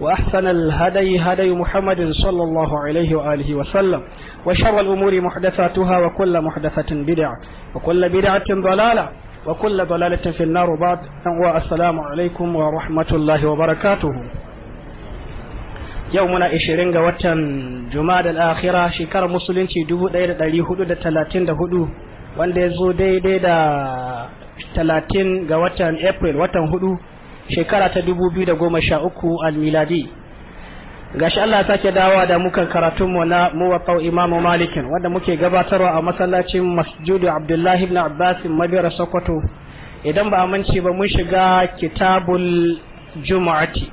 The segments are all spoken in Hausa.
وأحسن الهدي هدي محمد صلى الله عليه وآله وسلم وشر الأمور محدثاتها وكل محدثة بدعة وكل بدعة ضلالة وكل ضلالة في النار بعد والسلام عليكم ورحمة الله وبركاته يومنا إشرين وتن جماد الآخرة شكر مسلم دبو داير دالي هدو دا تلاتين دا هدو وان دي زو دي دي دا تلاتين غواتن إبريل وتن هدو shekara ta dubu biyu da goma sha 2013 almiladi gashi Allah sake dawowa da muka karatun mu na muwaffaq Imam Malik wanda muke gabatarwa a masallacin Masjid Abdullah ibn Abbas Madina Sokoto idan ba amince ba mun shiga kitabul jumu'ati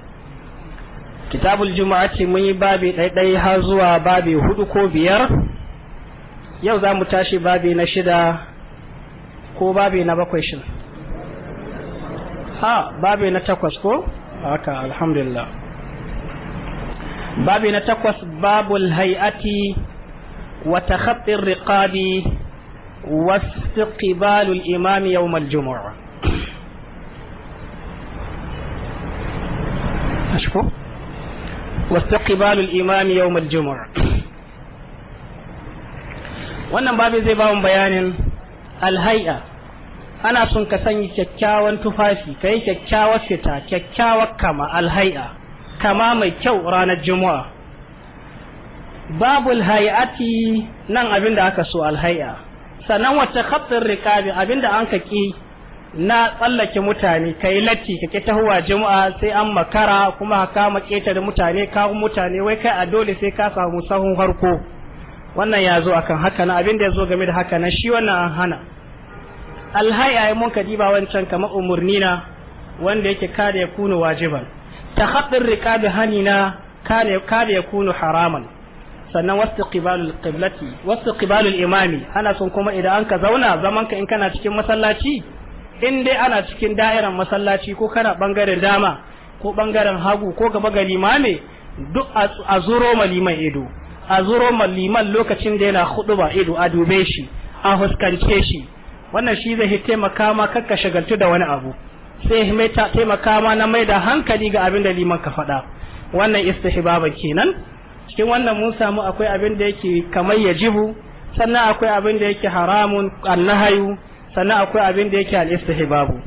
kitabul jumu'ati mun yi babi ɗaiɗai har zuwa babi hudu ko biyar yau za mu tashi babi na shida ko babi na bakwai shin a babi na takwas ko haka alhamdulillah babi na takwas babul hay'ati wa takhattir riqabi wa istiqbalul imam yawm al-jumu'ah istiqbalul imam yawm al الجمعة wannan babin zai ba mu bayanin al-hay'a ana son ka sanya kyakkyawan tufafi ka yi kyakkyawar fita kyakkyawar kama alhai'a kama mai kyau ranar juma'a babul hayati nan abinda aka so alhai'a sannan wacce khabbin rikabi abinda da an ka ki na tsallake mutane ka yi latti ka ƙi huwa juma'a sai an makara kuma ka kama da mutane kawo mutane wai kai a dole sai ka samu sahun harko wannan ya zo akan haka na abin ya zo game da haka na shi wannan an hana alhaya ya mun kadiba wancan kamar umurni na wanda yake kada ya kunu wajiban ta takhaddar riqabi hanina kada kada ya kunu haraman sannan wasu qiblati wasu imami ana son kuma idan an ka zauna zaman ka in kana cikin masallaci in dai ana cikin da'iran masallaci ko kana bangaren dama ko bangaren hagu ko gaba ga limame duk a zuro ma liman ido a zuro ma liman lokacin da yana huɗu ba ido a dube shi a huskance shi wannan shi zai taimaka ma kakka shagaltu da wani abu sai mai taimaka ma na mai da hankali ga abin da liman ka faɗa wannan istihbaba kenan cikin wannan mun samu akwai abin da yake kamar yajibu sannan akwai abin da yake haramun annahayu sannan akwai abin da yake al-istihbabu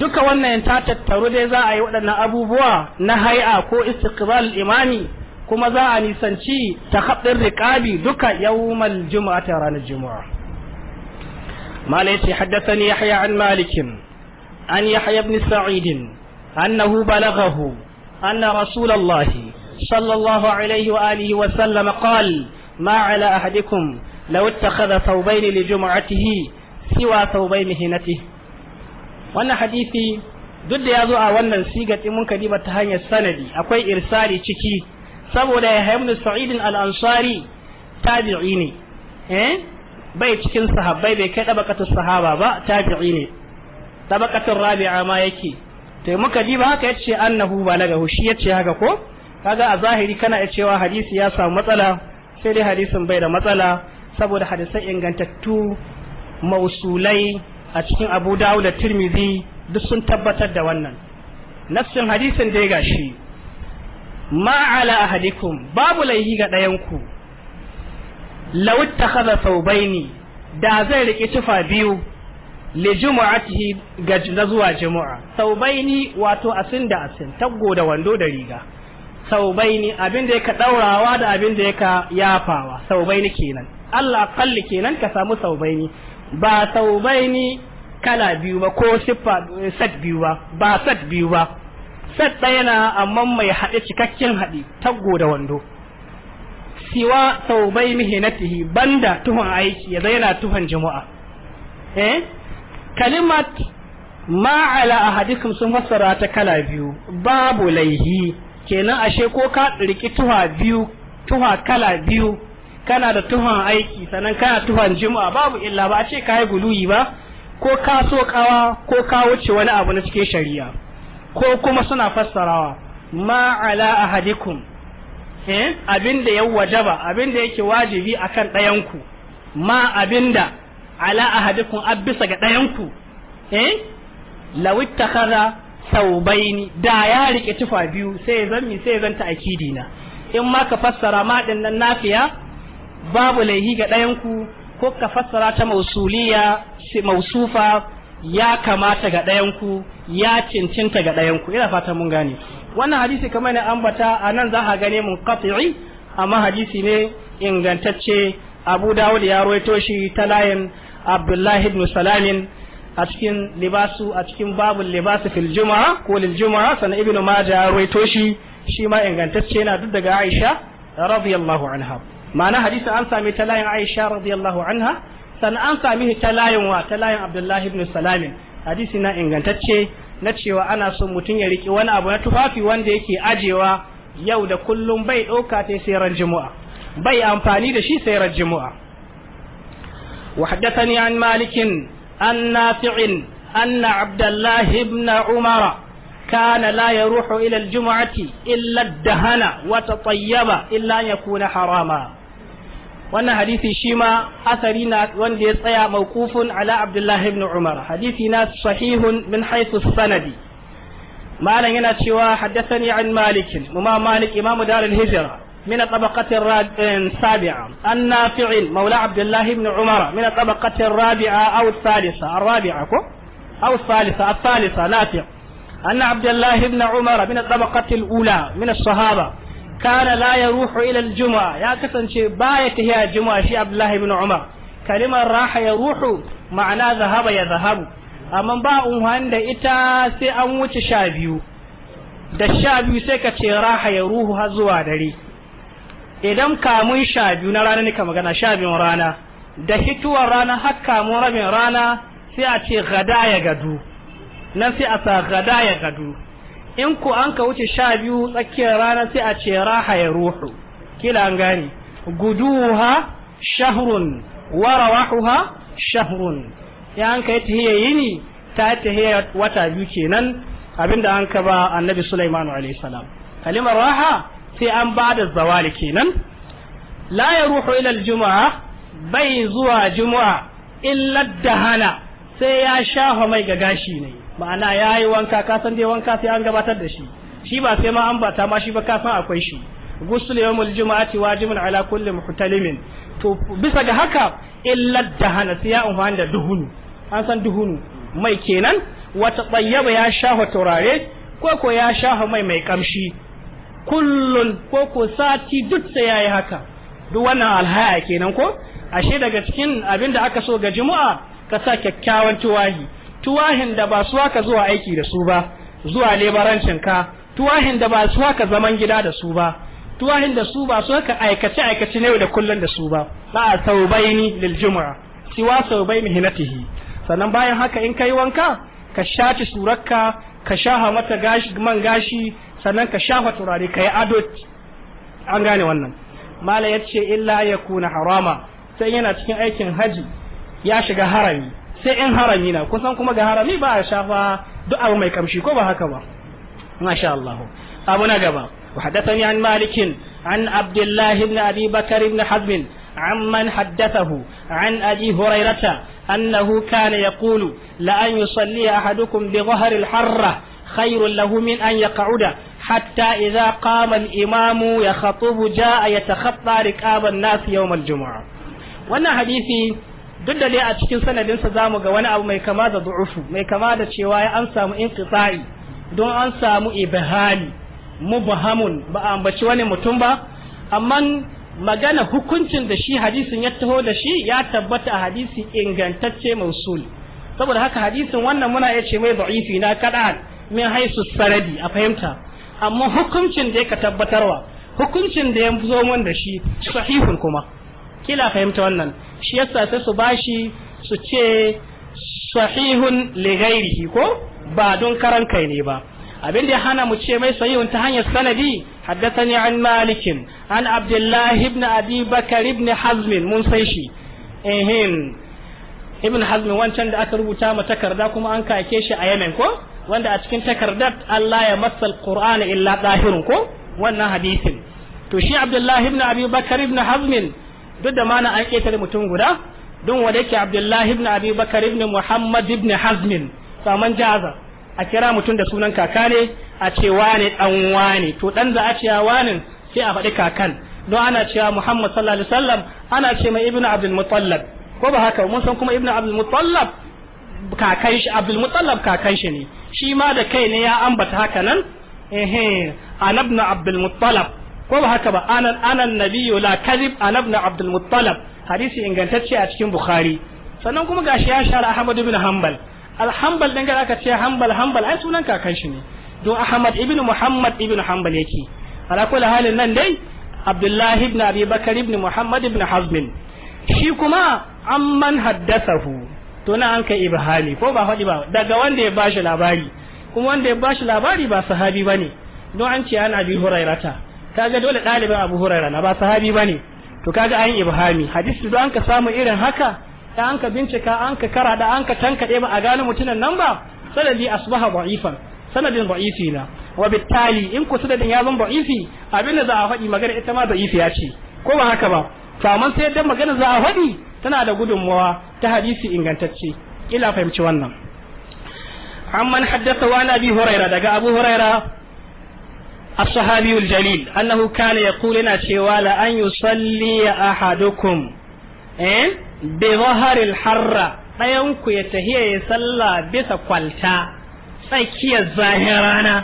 duka wannan ta tattaru dai za a yi waɗannan abubuwa na hai'a ko istiqbal imami kuma za a nisanci ta riƙabi duka yawmal juma'a ta ranar juma'a ما ليش حدثني يحيى عن مالك عن يحيى بن سعيد أنه بلغه أن رسول الله صلى الله عليه وآله وسلم قال ما على أحدكم لو اتخذ ثوبين لجمعته سوى ثوبين wannan hadisi duk da ya zo a wannan siga ɗin mun kadiba ta hanyar sanadi akwai irsari ciki saboda ya haimnu sa'idin al-ansari tabi'i ne eh bai cikin sahabbai bai kai dabakatul sahaba ba tabi'i ne dabakatul rabi'a ma yake to muka diba haka yace annahu balagahu shi yace haka ko kaga a zahiri kana iya cewa hadisi ya samu matsala sai dai hadisin bai da matsala saboda hadisai ingantattu mausulai a cikin Abu Dawud da Tirmidhi duk sun tabbatar da wannan nafsin hadisin dai gashi ma ala ahadikum babu laihi ga ɗayanku law sau thawbaini da zai rike tufa biyu li jumu'atihi ga na zuwa jumu'a thawbaini wato asin da asin taggo da wando da riga thawbaini abin da yake daurawa da abin da yake yafawa thawbaini kenan Allah akalli kenan ka samu thawbaini ba thawbaini kala biyu ba ko siffa set biyu ba ba set biyu ba set ɗaya na amma mai haɗe cikakken haɗi taggo da wando siwa saubai mihinatihi banda tuhon aiki zai yana tuhon jama'a eh kalimat ma ala ahadikum sun fassara ta kala biyu babu laihi kenan ashe ko ka riki tuha biyu tuha kala biyu kana da tuhon aiki sannan kana tuhon jama'a babu illa ba a ce ka yi guluyi ba ko ka so kawa ko ka wuce wani abu na cikin shari'a ko kuma suna fassarawa ma'ala a ahadikum Eh? abin da ya wajaba abin da yake wajibi akan ɗayanku ma abin da ala ahadikum abisa ga ɗayanku e eh law ittakhadha da ya rike tufa biyu sai zan mi sai zan ta'kidi na in ma ka fassara ma din nan nafiya babu laihi ga ɗayanku ko ka fassara ta mausuliya mausufa ya kamata ga ɗayanku ya cincinta ga ɗayanku ina fatan mun gane wannan hadisi kamar ne ambata a nan za a gane mun qati'i amma hadisi ne ingantacce abu dawud ya rawaito shi ta layin abdullahi ibn salamin a cikin libasu a cikin babul libasu fil juma'a ko lil juma'a sanan ibn majah ya rawaito shi shi ma ingantacce yana duk daga aisha radiyallahu anha ma'ana hadisi an sami ta layin aisha radiyallahu anha sannan an sami ta layin wa ta layin abdullahi ibn salamin hadisi na ingantacce na cewa ana son mutum ya riƙe wani abu na tufafi wanda yake ajiyewa yau da kullum bai ɗauka ta sai ran juma'a bai amfani da shi sai ran juma'a wa haddathani an malikin an nafi'in anna abdullahi ibn umara كان لا يروح إلى الجمعة إلا wata وتطيب إلا أن يكون حراما wannan hadisi shi ma hasari na wanda ya tsaya mawqufun ala abdullahi ibn umar hadisi na sahihun min haythu sanadi malam yana cewa haddathani an malik muma malik imam dar al hijra من الطبقة السابعة النافع مولى عبد الله بن عمر من الطبقة الرابعة أو الثالثة الرابعة أو الثالثة الثالثة نافع أن عبد الله بن عمر من الطبقة الأولى من الصحابة kana la yaruhu ila aljum'a ya kasance baya tahiya juma'a shi abdullahi ibn umar kalimar raha yaruhu ma'ana zahaba ya zahabu amma ba unhan da ita sai an wuce sha biyu da sha sai ka ce raha ya ruhu ha zuwa dare idan kamun sha biyu na rana nika magana sha rana da hituwar rana har kamun rabin rana sai a ce gada ya gadu nan sai a sa gada ya gadu in ku an ka wuce sha biyu tsakiyar rana sai a ce raha ya ruhu kila an gane guduha shahrun wa rawahuha shahrun ya an ka yi yini ta tahiyya wata biyu kenan abinda an ka ba annabi Sulaiman alaihi salam kalimar raha sai an ba da zawali kenan la ya ruhu ila juma'a bai zuwa juma'a illa dahana sai ya shafa mai ga gashi ne ma'ana ya yi wanka ka san dai wanka sai an gabatar da shi shi ba sai ma an bata ma shi ba ka akwai shi gusul yawmul jumu'ati wajibun ala kulli muhtalimin to bisa ga haka illa dahana sai ya amfani da duhunu an san duhunu mai kenan wata tsayyaba ya shafa turare ko ko ya shafa mai mai kamshi kullun ko ko sati duk sai yayi haka duk wannan alhaya kenan ko ashe daga cikin abinda aka so ga jumu'a ka sa kyakkyawan tuwahi tuwahin da ba su haka zuwa aiki da su ba zuwa lebarancin ka tuwahin da ba su haka zaman gida da su ba tuwahin da su ba su haka aikace aikace ne da kullun da su ba ba saubaini lil jumu'a siwa na hinatihi sannan bayan haka in kai wanka ka shaci surakka ka shaha mata gashi man gashi sannan ka shafa turare ka yi ado an gane wannan mala ya ce illa ya kuna harama sai yana cikin aikin haji ya shiga harami sai in harami na kusan kuma ga harami ba a shafa duk abu mai kamshi ko ba haka ba masha Allah abu na gaba وحدثني عن مالك عن عبد الله بن أبي بكر بن حزم عمن حدثه عن أبي هريرة أنه كان يقول لأن يصلي أحدكم بظهر الحرة خير له من أن يقعد حتى إذا قام الإمام يخطب جاء يتخطى ركاب الناس يوم الجمعة وأن حديثي duk da dai a cikin sanadinsa za mu ga wani abu mai kama da du'ufu mai kama da cewa ya an samu inqita'i don an samu ibhali mubhamun ba a ambaci wani mutum ba amma magana hukuncin da shi hadisin ya taho da shi ya tabbata a hadisi ingantacce mausul saboda haka hadisin wannan muna iya ce mai da'ifi na kadan min haisu saradi a fahimta amma hukuncin da ya ka tabbatarwa hukuncin da ya zo mun da shi sahihun kuma kila fahimta wannan shi yasa sai su bashi su ce sahihun li ko ba don karan kai ne ba abin da ya hana mu ce mai sahihun ta hanyar sanadi haddathani an malikin an abdullahi ibn abi bakar ibn hazmin mun sai shi ehin ibn hazmin wancan da aka rubuta ma takarda kuma an kake shi a yemen ko wanda a cikin takardar Allah ya masal alqur'ana illa zahirun ko wannan hadisin to shi abdullahi ibn abi bakar ibn hazmin duk da mana an ƙetare mutum guda don wanda yake abdullahi ibn abi bakar ibn muhammad ibn hazmin saman jaza a kira mutum da sunan kaka ne a ce wane dan wane to dan da a ce wane sai a faɗi kakan don ana cewa muhammad sallallahu alaihi wasallam ana ce mai ibn abdul mutallab ko ba haka mun san kuma ibn abdul mutallab kakan shi abdul mutallab kakan shi ne shi ma da kai ne ya ambata haka nan eh eh an abdul mutallab ko ba haka ba anan anan nabiyyu la kadhib an ibn abdul muttalib hadisi ingantacce a cikin bukhari sannan kuma shi ya shara ahmad ibn hanbal al-hanbal dan aka ce hambal hanbal ai sunan kakan shi ne don ahmad ibn muhammad ibn hanbal yake ala kulli halin nan dai abdullahi ibn abi ibn muhammad ibn hazm shi kuma amman haddathahu to na an kai ibhali ko ba faɗi ba daga wanda ya bashi labari kuma wanda ya bashi labari ba sahabi bane don an ce an abi hurairata kaga dole ɗalibin abu huraira na ba sahabi ba ne to kaga an ibhami hadisi da an ka samu irin haka da an ka bincika an ka kara da an ka tankaɗe ba a gano mutumin nan ba sanadi asbaha da'ifan sanadin da'ifi na wa bittali in ku sanadin ya zan da'ifi abin da za a faɗi magana ita ma da'ifi ya ce ko ba haka ba to amma sai yadda magana za a faɗi tana da gudunmawa ta hadisi ingantacce ila fahimci wannan amman haddatha wa abi huraira daga abu huraira الصحابي الجليل أنه كان يقول لنا شوال أن يصلي أحدكم إيه؟ بظهر الحرة ɗayanku ya tahiya ya salla bisa kwalta tsakiyar zahirana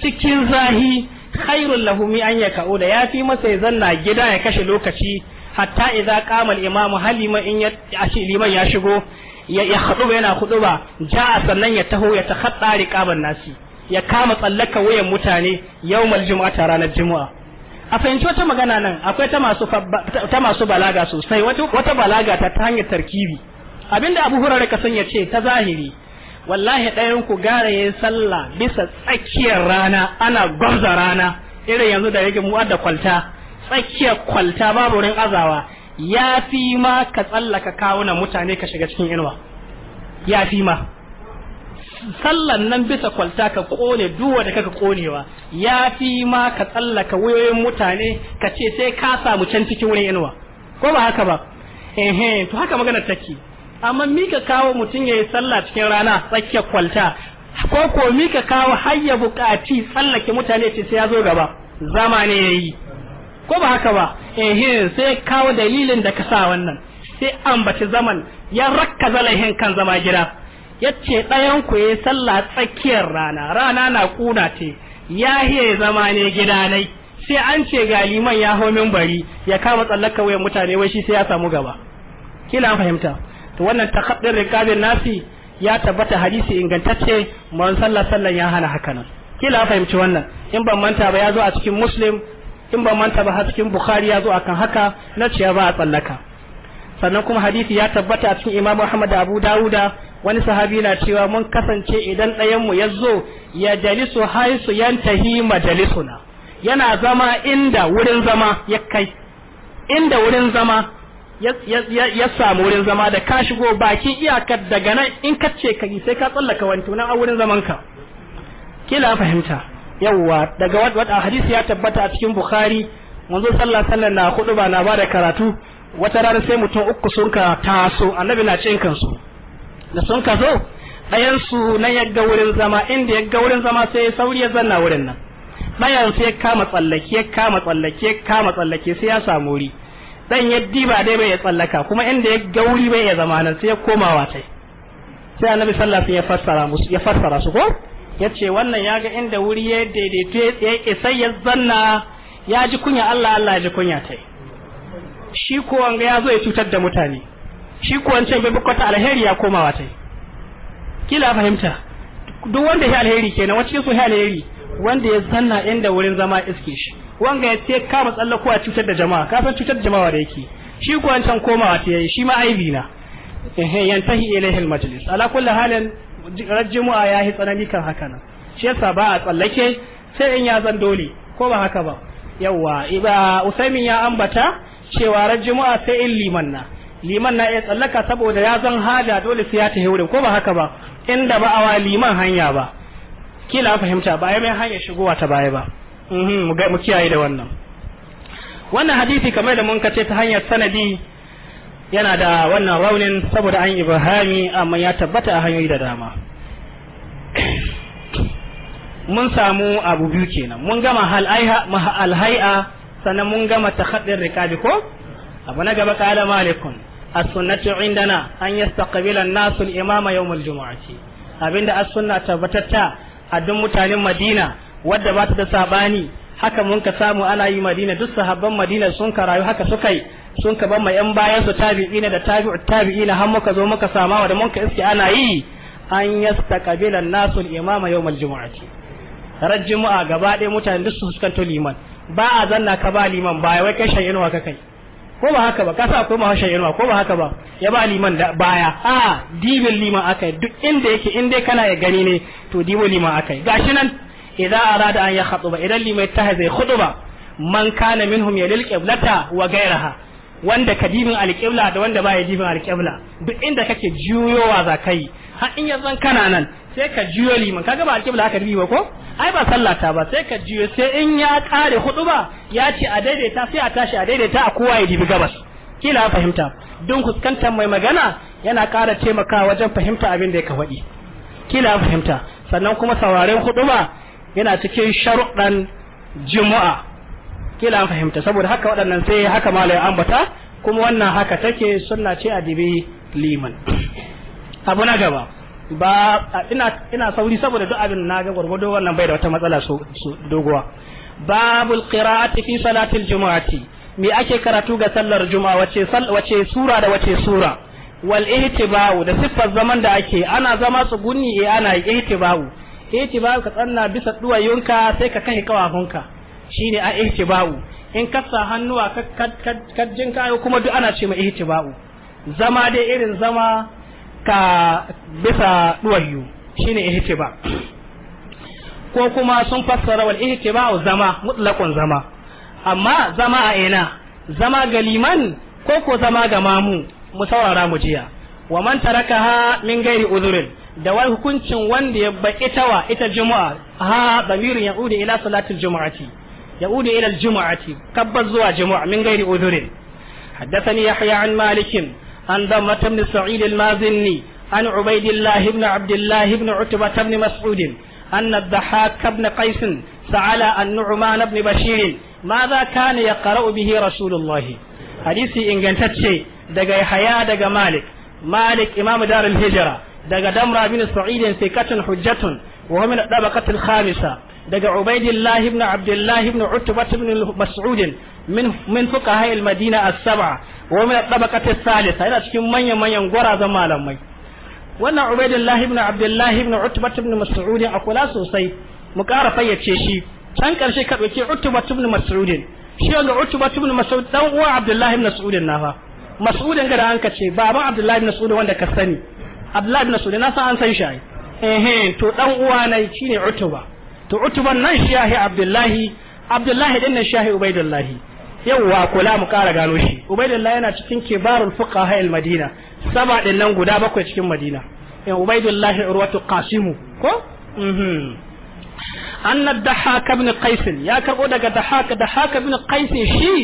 cikin zahi khairul lahumi an ya ka'uda ya fi masa ya zanna gida ya kashe lokaci hatta idza qama al imamu halima in ya liman ya shigo ya khutuba yana khutuba ja'a sannan ya taho ya takhadda riqaban nasi ya kama tsallaka wayan mutane yau jumu'a ranar juma'a a fahimci wata magana nan akwai ta masu ta masu balaga sosai wata balaga ta ta hanyar tarkibi abinda Abu hurare ka sanya ce ta zahiri wallahi ɗayan ku gara yayin sallah bisa tsakiyar rana ana gwamza rana irin yanzu da yake da kwalta tsakiyar kwalta babu wurin azawa ya fi ma ka tsallaka kawuna mutane ka shiga cikin inuwa ya fi ma sallan nan bisa kwalta ka kone duwa da kaka konewa ya fi ma ka tsallaka wayoyin mutane ka ce sai ka samu can cikin wurin inuwa ko ba haka ba ehe to haka magana take amma mi ka kawo mutum ya yi sallah cikin rana tsakiyar kwalta ko ko ka kawo hayya bukati tsallake mutane ce sai ya zo gaba zama ne ya yi ko ba haka ba ehe sai kawo dalilin da ka sa wannan sai ambaci zaman ya rakka zalahin kan zama gida yace ɗayan ku yi sallah tsakiyar rana rana na kuna ce ya hiye zama ne gida gidanai sai an ce ga liman ya hau min bari ya kama tsallaka wayan mutane wai shi sai ya samu gaba kila fahimta to wannan takaddar rikabin nasi ya tabbata hadisi ingantacce man sallah sallan ya hana haka nan kila fahimci wannan in ban manta ba ya zo a cikin muslim in ban manta ba a cikin bukhari ya zo akan haka na ce ba a tsallaka sannan kuma hadisi ya tabbata a cikin imamu ahmad abu dawuda wani sahabi na cewa mun kasance idan ɗayanmu ya zo ya jalisu haisu yantahi majalisuna yana zama inda wurin zama ya kai inda wurin zama ya samu wurin zama da ka shigo bakin iyakar daga nan in ka ce sai ka tsallaka wanto nan a wurin zamanka kila fahimta yawwa daga wadda hadisi ya tabbata a cikin bukhari manzo sallallahu alaihi wasallam na hudu ba na bada karatu wata rana sai mutum uku sun ka taso annabi na cin kansu da sun ka zo ɗayansu su na yagga wurin zama inda yagga wurin zama sai sauri ya zanna wurin nan ɗayan sai kama tsallake kama tsallake kama tsallake sai ya samu wuri dan ya diba dai bai ya tsallaka kuma inda ya gauri bai ya zama nan sai ya koma tai. sai annabi sallallahu alaihi wasallam ya fassara musu ya fassara su ko yace wannan ya ga inda wuri ya daidaito ya sai ya zanna ya ji kunya Allah Allah ya ji kunya tai shi ko wanga ya zo ya cutar da mutane shi ko wancan bai bukata alheri ya koma wata kila fahimta duk wanda ya alheri kenan wacce su ya alheri wanda ya sanna inda wurin zama iske shi wanga ya ce kama tsallakowa a cutar da jama'a kafin cutar da jama'a da yake shi ko wancan komawa ta yayi shi ma aibi na ehe yantahi ilaihi almajlis ala kulli halin rajjumu'a ya yi tsanani kan haka nan shi yasa ba a tsallake sai in ya zan dole ko ba haka ba yawa iba usaimin ya ambata cewa ran juma'a sai in liman na liman na ya tsallaka saboda ya zan haja dole sai ya ta wurin ko ba haka ba inda ba a wa liman hanya ba kila fahimta ba ya mai hanya shigowa ta baya ba mhm, mu kiyaye da wannan wannan hadisi kamar da mun kace ta hanyar sanadi yana da wannan raunin saboda an ibrahimi amma ya tabbata a hanyoyi da dama mun samu abu biyu kenan mun gama alhai'a sannan mun gama haɗin rikabi ko abu na gaba kala malikun as-sunnatu indana an yastaqbila nasu imama abinda sunna tabbatatta a duk mutanen Madina wadda ba ta da sabani haka mun ka samu ana yi Madina duk sahabban Madina sun ka rayu haka suka yi sun ka bar yan bayan su tabi'ina da tabi'ut tabi'ina har muka zo muka samawa da mun ka iske ana yi an yastaqbila an-nasu imama yau al-jumu'ati ran juma'a gaba ɗaya mutane duk su fuskanto liman ba a zanna ka ba liman ba ya wai kai inuwa ka kai ko ba haka ba ka sa koma shan inuwa ko ba haka ba ya ba liman da baya a dibin liman aka yi duk inda yake in dai kana ya gani ne to dibo liman aka yi gashi nan idan arada an ya ba idan liman ta zai ba man kana minhum yalil qiblata wa gairaha wanda ka dibin alqibla da wanda ba ya dibin alqibla duk inda kake juyowa za ka yi. har in yanzu kana nan sai ka juyo liman kaga ba alƙibla aka ba ko ai ba sallata ba sai ka juyo sai in ya kare hudu ba ya ce a daidaita sai a tashi a daidaita a kowa ya dibi gabas kila fahimta don fuskantar mai magana yana ƙara taimakawa wajen fahimta abin da ya kawaɗi kila fahimta sannan kuma sauraren ba yana cikin sharuɗan juma'a kila fahimta saboda haka waɗannan sai haka malai ambata kuma wannan haka take sunna ce a dibi liman abu na gaba ba ina sauri saboda duk abin na ga gwargwado wannan bai da wata matsala so doguwa babu qira'ati fi salatil jumu'ati me ake karatu ga sallar juma'a wace wace sura da wace sura wal ihtiba'u da siffar zaman da ake ana zama tsugunni eh ana ihtiba'u ihtiba'u ka tsanna bisa duwayunka sai ka kai kawafunka shine a ihtiba'u in kasa sa hannuwa ka ka kuma duk ana ce ma ihtiba'u zama dai irin zama ka bisa duwayyu shine ihtiba ko kuma sun fassara wal ihtiba zama mutlaqun zama amma zama a ina zama ga liman ko ko zama ga mamu mu saurara mu jiya wa man tarakaha min ghairi udhrin da wai hukuncin wanda ya baki tawa ita juma'a ha damirin ude ila juma'ati ya ude ila al-jumu'ati kabbar zuwa juma'a min ghairi udhrin حدثني يحيى عن مالك عن ضمة بن سعيد المازني عن عبيد الله بن عبد الله بن عتبة بن مسعود أن الضحاك بن قيس سأل عن نعمان بن بشير ماذا كان يقرأ به رسول الله حديثي إن جنتتشي دقى حياة دقى مالك مالك إمام دار الهجرة دقى دمرة بن سعيد ثقة حجة وهو من الطبقة الخامسة دقى عبيد الله بن عبد الله بن عتبة بن مسعود من من فقهاء المدينة السبعة wa min tabaqati thalitha yana cikin manyan manyan gwarazan malamai wannan Ubaidullah ibn Abdullah ibn Utbah ibn Mas'ud a kula sosai mu ƙara fayyace shi can karshe ka dauke Utbah ibn Mas'ud shi wanda Utbah ibn Mas'ud dan uwa Abdullah ibn Mas'ud na fa Mas'ud ga da an kace baban Abdullah ibn Mas'ud wanda ka sani Abdullah ibn Mas'ud na san an san shi eh to dan uwa nai shine Utbah to Utbah nan shi yahi Abdullah Abdullah din nan shahi Ubaidullah yawwa kula mu ƙara gano shi ubaidullah yana cikin kibarul fuqaha al madina saba din nan guda bakwai cikin madina ya ubaidullah urwatu qasimu ko mhm anna dahaka ibn qais ya karbo daga dahaka dahaka ibn qais shi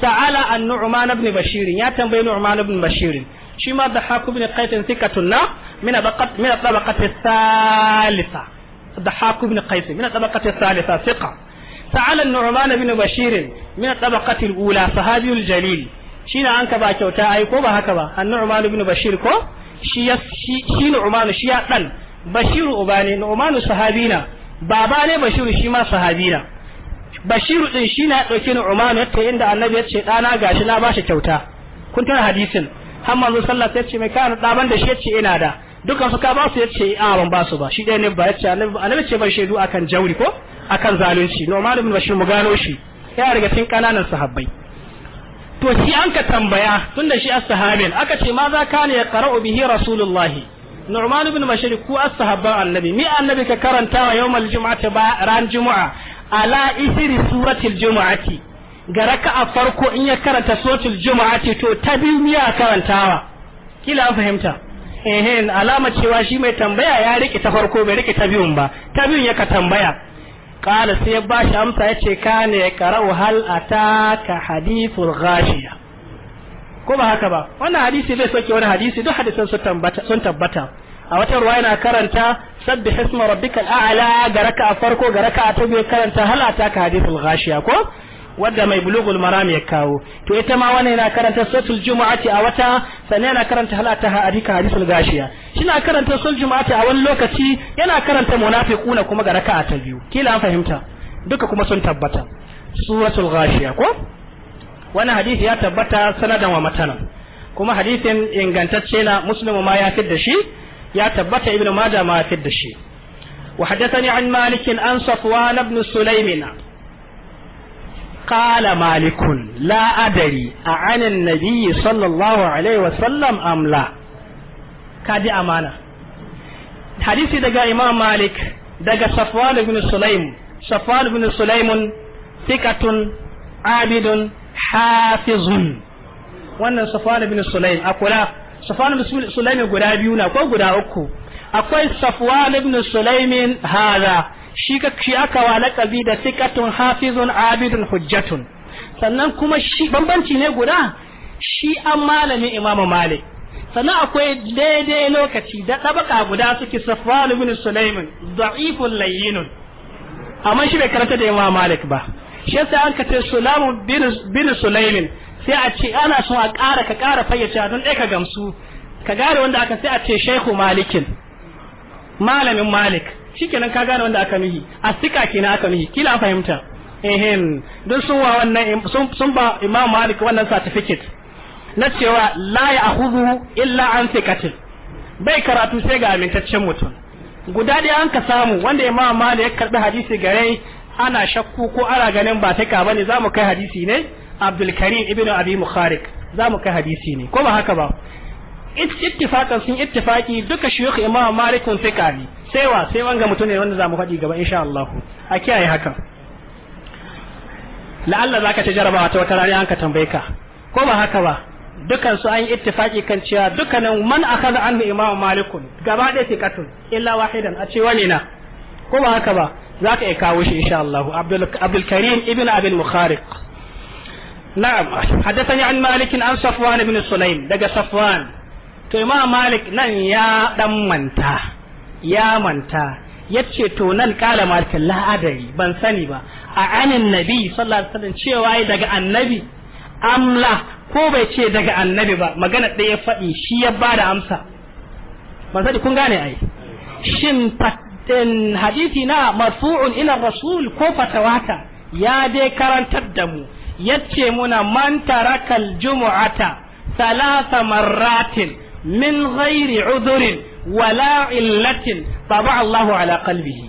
sa'ala an nu'man ibn bashir ya tambayi nu'man ibn bashir shi ma dahaka ibn qais sikatun na min tabaqat min tabaqat thalitha dahaka ibn qais min tabaqat thalitha thiqa سأل النعمان بن بشير من الطبقة الأولى صحابي الجليل shi na an ka ba kyauta ai ko ba haka ba an nu'man ibn bashir ko shi ya shi Umaru shi ya dan bashir uba ne nu'man sahabina baba ne bashir shi ma sahabina bashiru din shi na dauke Umaru ta inda annabi ya ce dana gashi na bashi kyauta kun tara hadisin har manzo sallallahu alaihi wasallam ya ce mai kana daban da shi ya ce ina da dukkan su ka ba su yace a ban ba su ba shi ɗaya ne ba ya ce annabi ce ban shaidu akan jauri ko akan zalunci na Umaru ibn bashir mu gano shi ya riga cikin kananan sahabbai to shi an ka tambaya tunda shi as-sahabin aka ce ma za kana ya qara'u bihi rasulullahi Nu'man ibn Bashir ku as-sahabban annabi mi annabi ka karantawa yawmal jumu'ati ba ran jumu'a ala isri suratil jumu'ati ga raka'a farko in ya karanta suratul jumu'ati to ta biyu miya karantawa kila fahimta alama cewa shi mai tambaya ya rike ta farko bai rike ta biyun ba ta biyun ya ka tambaya kala sai ba shi amsa ya ce ka ne karau hal a ta ka hadithul gashiya ko ba haka ba wannan hadisi bai soke wani hadisi duk hadisan sun tabbata a wata ruwa yana karanta sabbi hisma rabbikal a'la ga raka farko ga raka ta biyu karanta hal a ta ka hadithul gashiya ko wadda mai bulugul maram ya kawo to ita ma wannan yana karanta suratul jumu'ati a wata sannan yana karanta halata ha adika hadisul gashiya na karanta suratul jumu'ati a wani lokaci yana karanta munafiquna kuma ga raka'a ta biyu kila an fahimta duka kuma sun tabbata suratul gashiya ko wani hadisi ya tabbata sanadan wa matanan kuma hadisin ingantacce na muslimu ma ya fidda shi ya tabbata ibnu majah ma ya fidda shi وحدثني عن مالك عن صفوان بن سليمان قال مالك لا أدري عن النبي صلى الله عليه وسلم أم لا كادي أمانة حديث دقى إمام مالك دقى صفوان بن سليم صفوان بن سليم ثقة عابد حافظ wannan Safwan ibn Sulaim a kula Safwan ibn Sulaim guda biyu na ko guda uku akwai Safwan ibn Sulaim hada shi ka shi aka wa laƙabi da sikatun hafizun abidun hujjatun sannan kuma shi bambanci ne guda shi an malami imamu malik sannan akwai daidai lokaci da tabaka guda suke safwan bin sulaiman da'ifun layyinun amma shi bai karanta da imamu malik ba shi sai an kace sulamu bin sulaiman sai a ce ana son a ƙara ka ƙara fayyace don ɗaya ka gamsu ka gane wanda aka sai a ce shehu malikin malamin malik shikenan ka gane wanda aka mihi a asika kenan aka mihi kila fahimta ehem don sun wa wannan sun ba imam malik wannan certificate na cewa la ya akhudhu illa an thiqatin bai karatu sai ga amintaccen mutum guda dai an ka samu wanda imam malik ya karbi hadisi gare ana shakku ko ana ganin ba ta taka bane zamu kai hadisi ne abdul karim ibnu abi mukharik zamu kai hadisi ne ko ba haka ba ittifaqan sun ittifaqi duka shuyukh imam malik sun ne sai wa sai wanga mutum ne wanda zamu faɗi gaba insha Allah a kiyaye haka la'alla zaka ta jarabawa ta wata rani an ka tambaye ka ko ba haka ba dukan su an yi ittifaqi kan cewa dukkanin man akhadha anhu imam malik gaba ɗaya fi katun illa wahidan a ce wani na ko ba haka ba zaka iya kawo shi insha Allah Abdul Abdul Karim ibn Abil Mukhariq نعم حدثني عن مالك عن صفوان بن سليم دق صفوان to imam malik nan ya dan manta ya manta yace to nan kala malik la adari ban sani ba a anin nabi sallallahu alaihi wasallam cewa daga annabi amla ko bai ce daga annabi ba magana ɗaya ya faɗi shi ya ba da amsa ban sani kun gane ai shin fatin hadisi na marfu'un ila rasul ko fatawata ya dai karantar da mu yace muna man tarakal jumu'ata ثلاث مرات min ghairi udhurin wala illatin taba Allahu ala qalbihi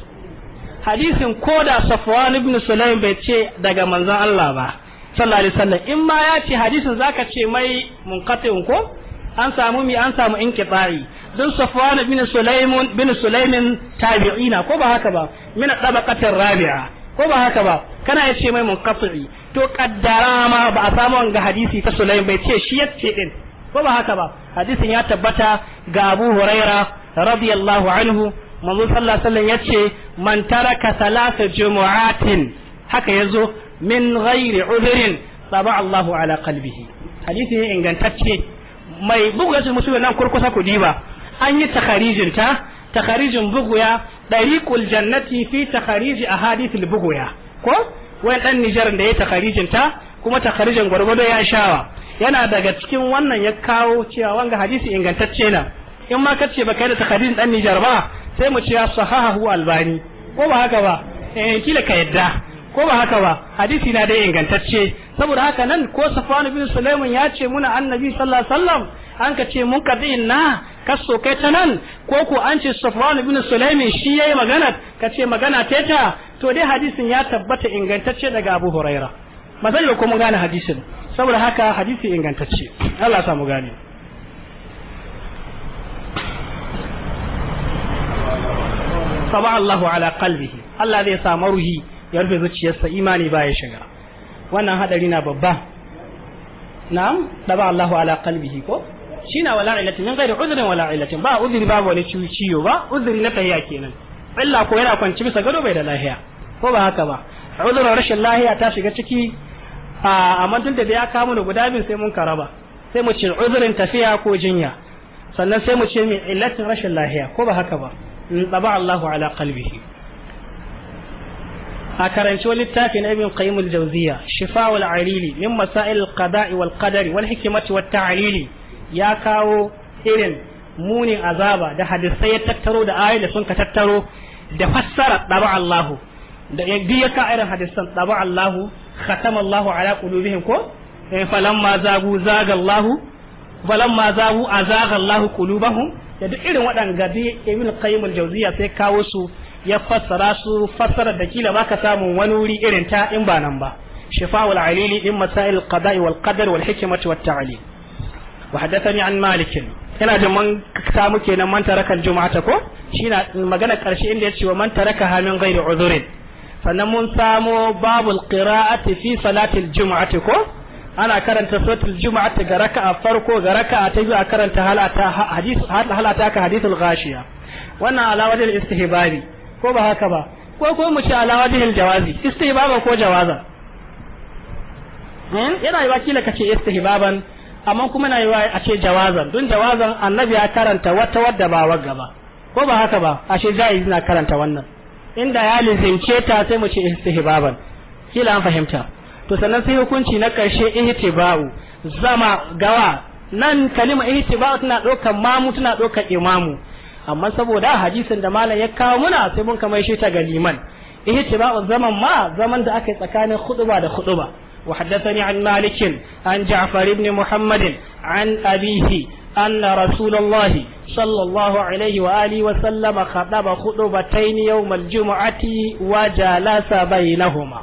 hadisin koda Safwan ibn Sulaim bai ce daga manzon Allah ba sallallahu alaihi in ma ya ce hadisin zaka ce mai munqati'un ko an samu mi an samu inqita'i don Safwan ibn Sulaim bin Sulaim tabi'ina ko ba haka ba min tabaqatir rabi'a ko ba haka ba kana ya ce mai munqati'i to kaddarama ba a samu hadisi ta Sulaim bai ce shi yace din ko ba haka ba hadisin ya tabbata ga Abu Huraira radiyallahu anhu manzo sallallahu alaihi wasallam yace man taraka salasa jumu'atin haka yazo min ghairi udhrin taba Allahu ala qalbihi hadisi ne ingantacce mai bugu yace musu nan kurkusa ku diba an yi takharijin ta takharijin buguya dariqul jannati fi takharij ahadithil buguya ko wai dan Nijar da ya takharijin ta kuma takharijin gwargwado ya shawa yana daga cikin wannan ya kawo cewa wanga hadisi ingantacce na in ma kace ba kai da takhadin dan Nijar ba sai mu ce ya sahahu albani ko ba haka ba eh kila ka yadda ko ba haka ba hadisi na dai ingantacce saboda haka nan ko Safwan bin Sulaiman ya ce muna annabi sallallahu alaihi wasallam an ka ce mun kadin na kaso kai ta nan ko ko an ce Safwan bin Sulaiman shi yayi magana ka ce magana ta ta? to dai hadisin ya tabbata ingantacce daga Abu Huraira ba ko mun gane hadisin saboda haka hadisi ingantacce Allah samu gane saba Allahu ala qalbihi Allah zai samu ruhi ya rufe zuciyarsa imani baya shiga wannan hadari na babba na'am saba Allahu ala qalbihi ko shina wala ilati min ghairi udhrin wala ilatin ba udhri babu wani ciwo ba udhri na tahiya kenan illa ko yana kwanci bisa gado bai da lahiya ko ba haka ba udhrin rashin lahiya ta shiga ciki amma tun da ya kawo da guda biyu sai mun karaba sai mu ce uzurin tafiya ko jinya sannan sai mu ce min illatin rashin lahiya ko ba haka ba in tsaba Allahu ala qalbihi a karanci wani littafi na ibn qayyim al-jawziya shifa'ul alili min masail al-qada'i wal qadari wal hikmati wat ta'lili ya kawo irin munin azaba da hadisai ya tattaro da ayoyi da sun ka tattaro da fassara tsaba Allahu da yadda ya ka irin hadisan tsaba Allahu khatama Allahu ala qulubihim ko eh ma zagu zaga Allahu falamma zagu azaga Allahu qulubahum da duk irin waɗanga bi Ibn Qayyim al-Jawziyya sai kawo su ya fassara su fassara da kila baka samu wani wuri irin ta in ba nan ba شفاء العليل من مسائل القضاء والقدر والحكمة والتعليم وحدثني عن مالك ina da man samu kenan man taraka jumu'ata ko na magana karshe inda ce wa man taraka hamin min ghairi uzurin sannan mun samo babul qira'ati fi salatil jumu'ati ko ana karanta salatul jumu'ati ga raka'a farko ga raka'a ta biyu a karanta halata hadith halata ka hadithul ghashiya wannan alawadil istihbabi ko ba haka ba ko ko mu ci alawadil jawazi istihbaban ko jawaza eh, yana yi wakila kace istihbaban amma kuma na yi wa a ce jawazan don jawazan annabi ya karanta wata wadda ba wagga ba ko ba haka ba ashe jaiz na karanta wannan inda ya lizince ta sai mu ce istihbaban kila an fahimta to sannan sai hukunci na karshe ihtiba'u zama gawa nan kalima ihtiba'u tana ɗaukar mamu tana ɗaukar imamu amma saboda hadisin da malam ya kawo muna sai mun kamar shi ta ga liman ihtiba'u zaman ma zaman da aka yi tsakanin khutuba da khutba وحدثني an مالك عن جعفر بن محمد عن أبيه أن رسول الله صلى الله عليه وآله وسلم خطب خطبتين يوم الجمعة وجلس بينهما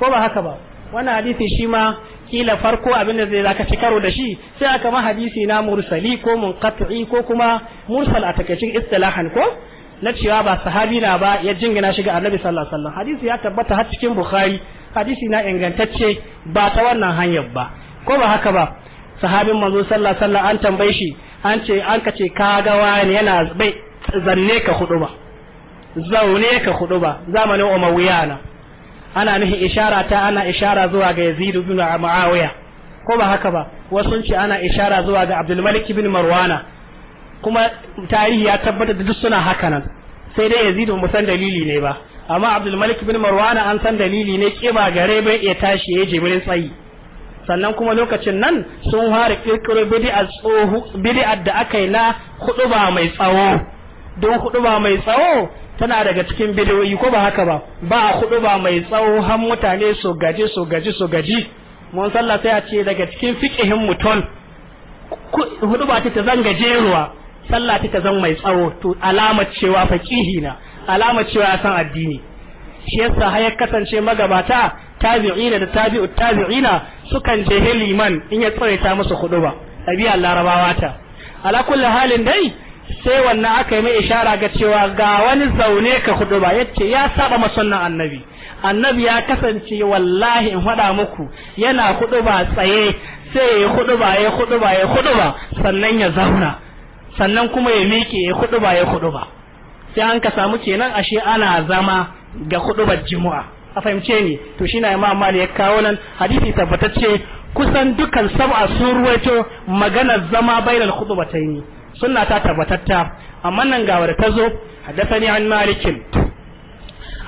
كما هكذا وانا حديث شما kila farko abin da zai zaka ci karo da shi sai aka hadisi na mursali ko munqati ko kuma mursal a takeicin istilahan ko na cewa ba sahabi na ba ya jingina shi ga annabi hadisi ya tabbata har cikin bukhari hadisi na ingantacce ba ta wannan hanyar ba ko ba haka ba sahabin manzo sallallahu alaihi wasallam an tambaye shi an ce an ka ce ka ga wani yana bai zanne ka hudu ba zaune ka hudu ba zamanin umawiya na ana nufin ishara ta ana ishara zuwa ga yazid ibn muawiya ko ba haka ba wasu ce ana ishara zuwa ga abdul malik ibn marwana kuma tarihi ya tabbatar da duk suna haka nan sai dai yazid mu san dalili ne ba amma abdul malik ibn marwana an san dalili ne kiba gare bai iya tashi ya je wurin tsayi sannan kuma lokacin nan sun fara kirkiro bid'ar da aka yi na huduba mai tsawo don huduba mai tsawo tana daga cikin bidiyoyi ko ba haka ba ba a huduba mai tsawo har mutane so gaji so gaji so gaji mun sallah sai a ce daga cikin fiqihin mutum huduba ta ta zanga jeruwa sallah ta ta zan mai tsawo to alamar cewa faqihi na alamar cewa san addini shi yasa har ya kasance magabata tabi'ina da tabi'u tabi'ina sukan je heliman in ya tsawaita musu hudu ba ɗabi'a larabawa ta ala kulli halin dai sai wannan aka yi mai ishara ga cewa ga wani zaune ka hudu ba yace ya saba masunnan annabi annabi ya kasance wallahi in faɗa muku yana hudu ba tsaye sai ya hudu ba ya hudu ba ya hudu ba sannan ya zauna sannan kuma ya miƙe ya hudu ba ya hudu ba sai an ka samu kenan ashe ana zama ga hudu ba jimu'a a fahimce ni to shi na imam mali ya kawo nan hadisi tabbatacce kusan dukan sab'a sun ruwaito magana zama bainal khutbatayn sunna ta tabbatatta amma nan ga wadda ta zo haddathani an malikin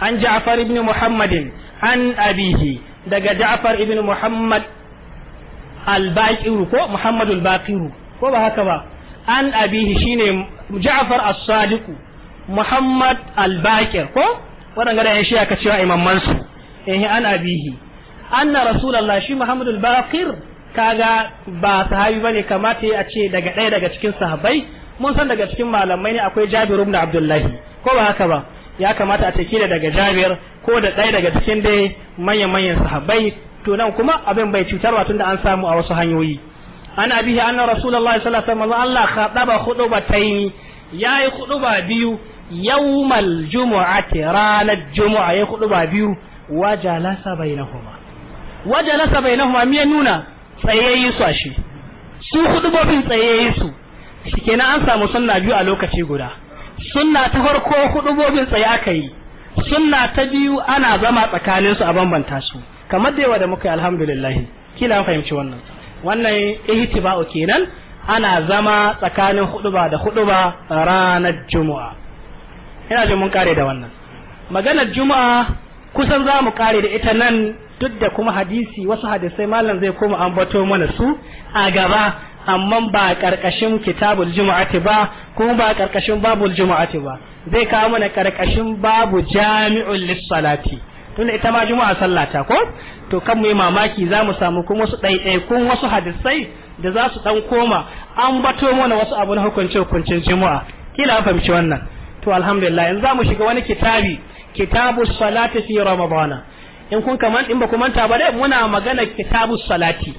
an ja'far ibn muhammadin an abihi daga ja'far ibn muhammad al-baqiru ko muhammadul baqiru ko ba haka ba an abihi shine ja'far as-sadiq muhammad al-baqir ko waɗanda da shi aka cewa imammansu eh an abihi anna rasulullah shi muhammadul baqir kaga ba sahabi bane kamata ya ce daga ɗaya daga cikin sahabbai mun san daga cikin malamai ne akwai jabir ibn abdullahi ko ba haka ba ya kamata a take da daga jabir ko da ɗaya daga cikin dai manyan manyan sahabbai to nan kuma abin bai cutar cutarwa tunda an samu a wasu hanyoyi an abihi anna rasulullah sallallahu alaihi wasallam Allah khadaba khudubatayn yayi khuduba biyu yawmal jumu'ati ranar jumu'a ya kudu ba biyu wajalasa bainahuma wajalasa na me ya nuna tsayayyi su shi su hudubobin tsayayyi su shikenan an samu sunna biyu a lokaci guda sunna ta farko hudubobin tsaye aka yi sunna ta biyu ana zama tsakanin su a bambanta su kamar da yawa da muka yi alhamdulillah kila an fahimci wannan wannan ihtiba'u kenan ana zama tsakanin huduba da huduba ranar juma'a ina jin mun kare da wannan maganar juma'a kusan za mu kare da ita nan duk da kuma hadisi wasu hadisai malam zai koma ambato mana su a gaba amma ba karkashin kitabul juma'ati ba kuma ba karkashin babul juma'ati ba zai kawo mana karkashin babu jami'ul lissalati tunda ita ma juma'a sallata ko to kan mu yi mamaki za mu samu kuma wasu ɗaiɗaikun wasu hadisai da za su ɗan koma an mana wasu abu na hukunce hukuncin juma'a kila an fahimci wannan to alhamdulillah yanzu mu shiga wani kitabi kitabu salati fi ramadana in kun kaman in ba ku manta ba dai muna magana kitabu salati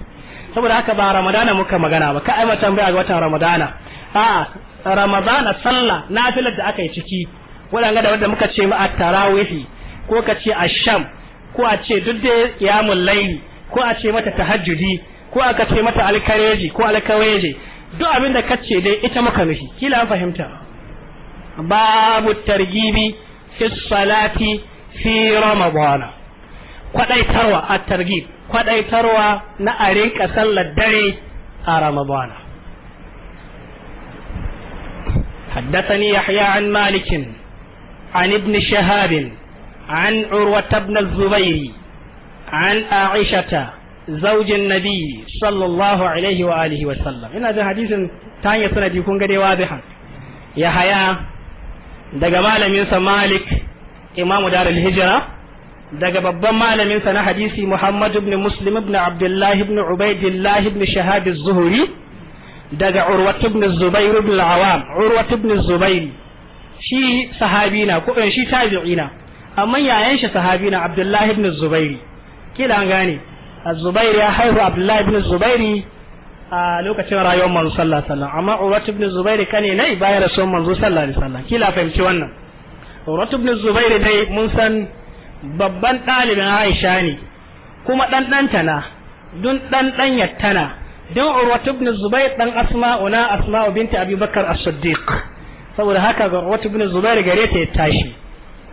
saboda haka ba ramadana muka magana ba ka ma tambaya ga watan ramadana a ramadana sallah nafilar da aka yi ciki wadanga da wanda muka ce ma at-tarawih ko ka ce asham sham ko a ce duk da yamul layli ko a ce mata tahajjudi ko aka ce mata alkareji ko alkawaje duk abin da kace dai ita muka mishi kila an fahimta babu targibi fi salati fi ramadana kwadaitarwa a targib kwadaitarwa na a rinka sallar dare a ramadana حدثني يحيى عن مالك عن ابن شهاب عن عروة بن الزبير عن عائشة زوج النبي صلى الله عليه وآله وسلم إن هذا حديث تاني سنة يكون قد واضحا يحيى daga malaminsa malik imamu darul hijira daga babban malaminsa na hadisi muhammad ibn muslim ibn abdullah ibn ubaidillah ibn shahab az-zuhri daga urwat ibn zubair ibn al-awam urwat ibn zubair shi sahabina na ko eh, shi tabi'i na amma yayan shi sahabi na abdullah ibn zubair kila gane az-zubair ya haihu abdullah ibn zubairi a lokacin rayuwar manzo sallallahu alaihi wasallam amma Urwatu ibn Zubair kane ne da rasuwar manzo sallallahu alaihi wasallam kila fahimci wannan Urwatu ibn Zubair dai mun san babban ɗalibin Aisha ne kuma dan danta na dun dan dan yattana dan Urwatu ibn Zubair dan Asma'u na Asma'u binti Abi Bakar As-Siddiq saboda haka ga Urwatu ibn Zubair gare ta ya tashi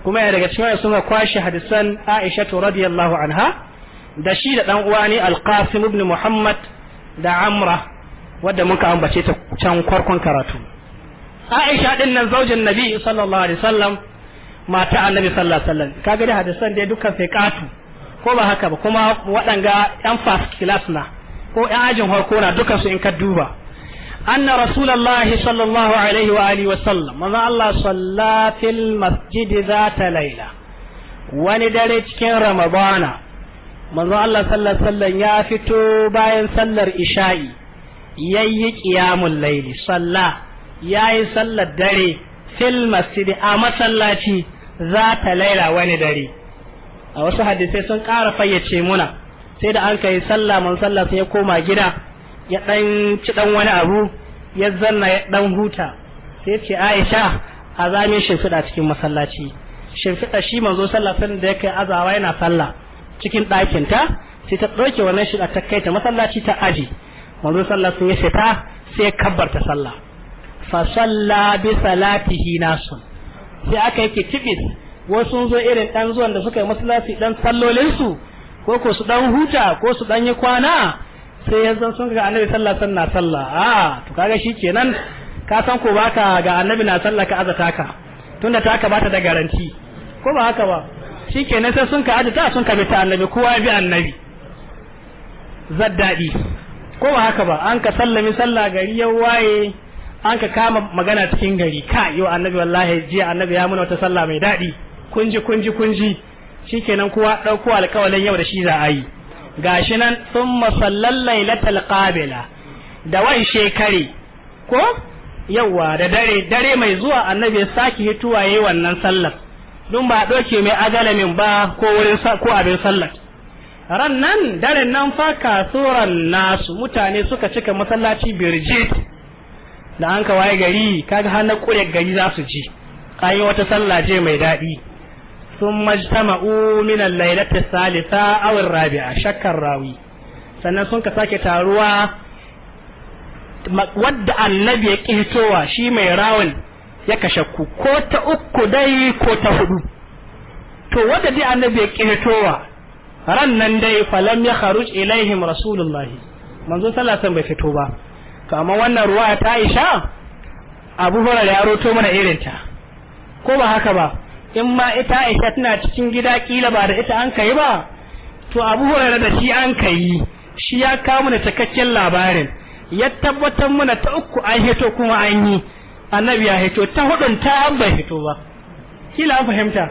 kuma ya daga cikin suka kwashe hadisan Aisha radiyallahu anha da shi da dan uwa ne Al-Qasim ibn Muhammad da amra wadda muka ambace ta can farkon karatu aisha din nan zaujin nabi sallallahu alaihi wasallam mata annabi sallallahu alaihi wasallam kaga da hadisan dai dukkan sai katu ko ba haka ba kuma waɗanga yan fast class na ko yan ajin harko na dukkan su in ka duba anna rasulullahi sallallahu alaihi wa alihi wasallam manzo Allah salla fil za ta laila wani dare cikin ramadana manzo Allah sallallahu alaihi ya fito bayan sallar isha'i yayi qiyamul layli salla yayi sallar dare fil masjid a masallaci za ta laila wani dare a wasu hadisai sun ƙara fayyace muna sai da an kai sallah man sallah sai ya koma gida ya dan ci dan wani abu ya zanna ya dan huta sai ce Aisha a shi shimfiɗa cikin masallaci shimfiɗa shi manzo sallah sun da yake azawa yana sallah cikin ɗakinta sai ta ɗauke wannan shi ta kai ta masallaci ta aji Wanzu sallah sun yi fita sai ya kabbarta sallah fa salla bi salatihi sun. sai aka yake tibis wasu zo irin ɗan zuwan da suka yi masallaci ɗan sallolinsu ko ko su ɗan huta ko su ɗan yi kwana sai yanzu sun ga annabi sallah na sallah a to kaga shi kenan ka san ko baka ga annabi na sallah ka azata ka tunda ta ka bata da garanti ko ba haka ba ke sai sun ka adata sun ka bi ta annabi kowa bi annabi zaddaɗi ko ba haka ba an ka sallami sallah gari yau waye an ka kama magana cikin gari ka yau annabi wallahi jiya annabi ya muna wata sallah mai daɗi kunji kunji kunji kenan kowa ɗauko alƙawalin yau da shi za a yi gashi nan sun masallan lailatul qabila da wani shekari ko yauwa da dare dare mai zuwa annabi ya sake hituwa yayi wannan sallar don ba a ɗauke mai agalamin ba ko wurin ko abin sallar ran nan daren nan fa kasuran nasu mutane suka cika masallaci birjit da an ka waye gari kaga har na kure gari za su ji an yi wata sallah je mai daɗi sun majtama'u min al-lailati salisa aw rabi'a shakkar rawi sannan sun ka sake taruwa wadda annabi ya kihtowa shi mai rawin ya kashe ku ko ta uku dai ko ta hudu to wanda dai annabi ya kirtowa ran nan dai falam ya kharuj ilaihim rasulullahi manzo sallallahu bai fito ba to amma wannan ruwa ta Aisha Abu Hurairah ya roto mana irin ta ko ba haka ba in ma ita Aisha tana cikin gida kila ba da ita an kai ba to Abu Hurairah da shi an kai shi ya kawo mana takakken labarin ya tabbatar mana ta uku an hito kuma an yi annabi ya hito ta hudun ta bai hito ba kila an fahimta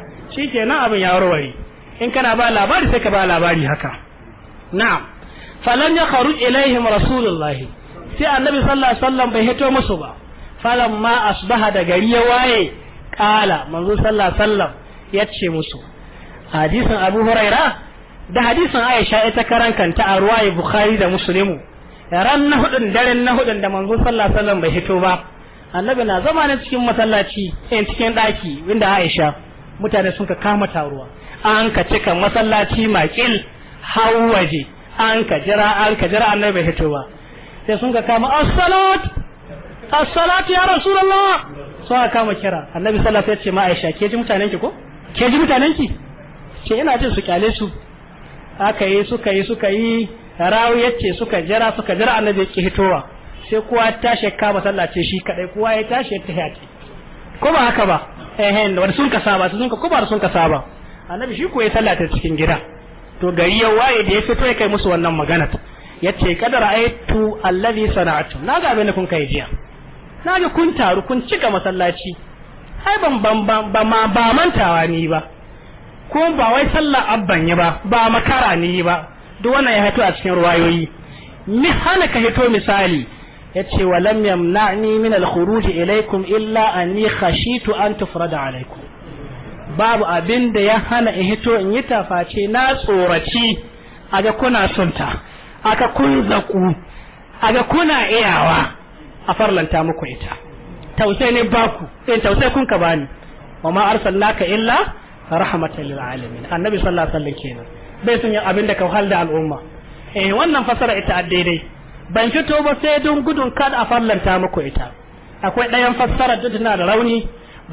nan abin ya warware in kana ba labari sai ka ba labari haka na'am falan ya kharuj ilaihim rasulullahi sai annabi sallallahu alaihi wasallam bai hito musu ba ma asbaha da gari ya waye kala manzo sallallahu alaihi wasallam ce musu hadisin abu huraira da hadisin aisha ita karan kanta a ruwaye bukhari da muslimu ran na hudun daren na hudun da manzo sallallahu alaihi wasallam bai hito ba annabi na zama ne cikin masallaci in eh, cikin daki inda Aisha mutane sun ka kama taruwa an ka cika masallaci makil hawaje an ka jira an ka jira annabi hitowa. sai sun ka kama as-salat as-salat ya rasulullah sai aka kama kira annabi sallallahu alaihi wasallam ya ce ma Aisha ke ji mutanen ki ko ke ji mutanen ki ce ina jin su kyale su aka yi suka yi suka yi rawu yace suka jira suka jira annabi ke hitowa sai kowa ya tashi ya kama sallah shi kadai kowa ya tashi ya tafi ake ko ba haka ba eh eh wani sun ka saba sun ka ko ba sun ka saba annabi shi ko ya sallah cikin gida to gari ya waye da ya fito ya kai musu wannan magana yace kadar aitu allazi sana'atu na ga abin kun kai jiya na ga kun taru kun cika masallaci ai ban ban ba ma ba mantawa ni ba ko ba wai sallah abban ya ba ba makara ni ba duk wannan ya hato a cikin ruwayoyi ni hana ka hito misali yace wa lamyan na'ani min al ilaikum illa anni khashitu an tufrada babu abin da ya hana in hito in yi tafaci na tsoraci aga kuna sunta aka kun zaku aga kuna iyawa a farlanta muku ita tausai ne baku in eh, tausai kun ka bani wa ma arsalnaka illa rahmatan lil alamin annabi sallallahu alaihi wasallam kenan bai sun yi abin da ka halda al'umma eh wannan fasara ita daidai ban fito ba sai don gudun kada a fallanta muku ita akwai ɗayan fassarar da tana da rauni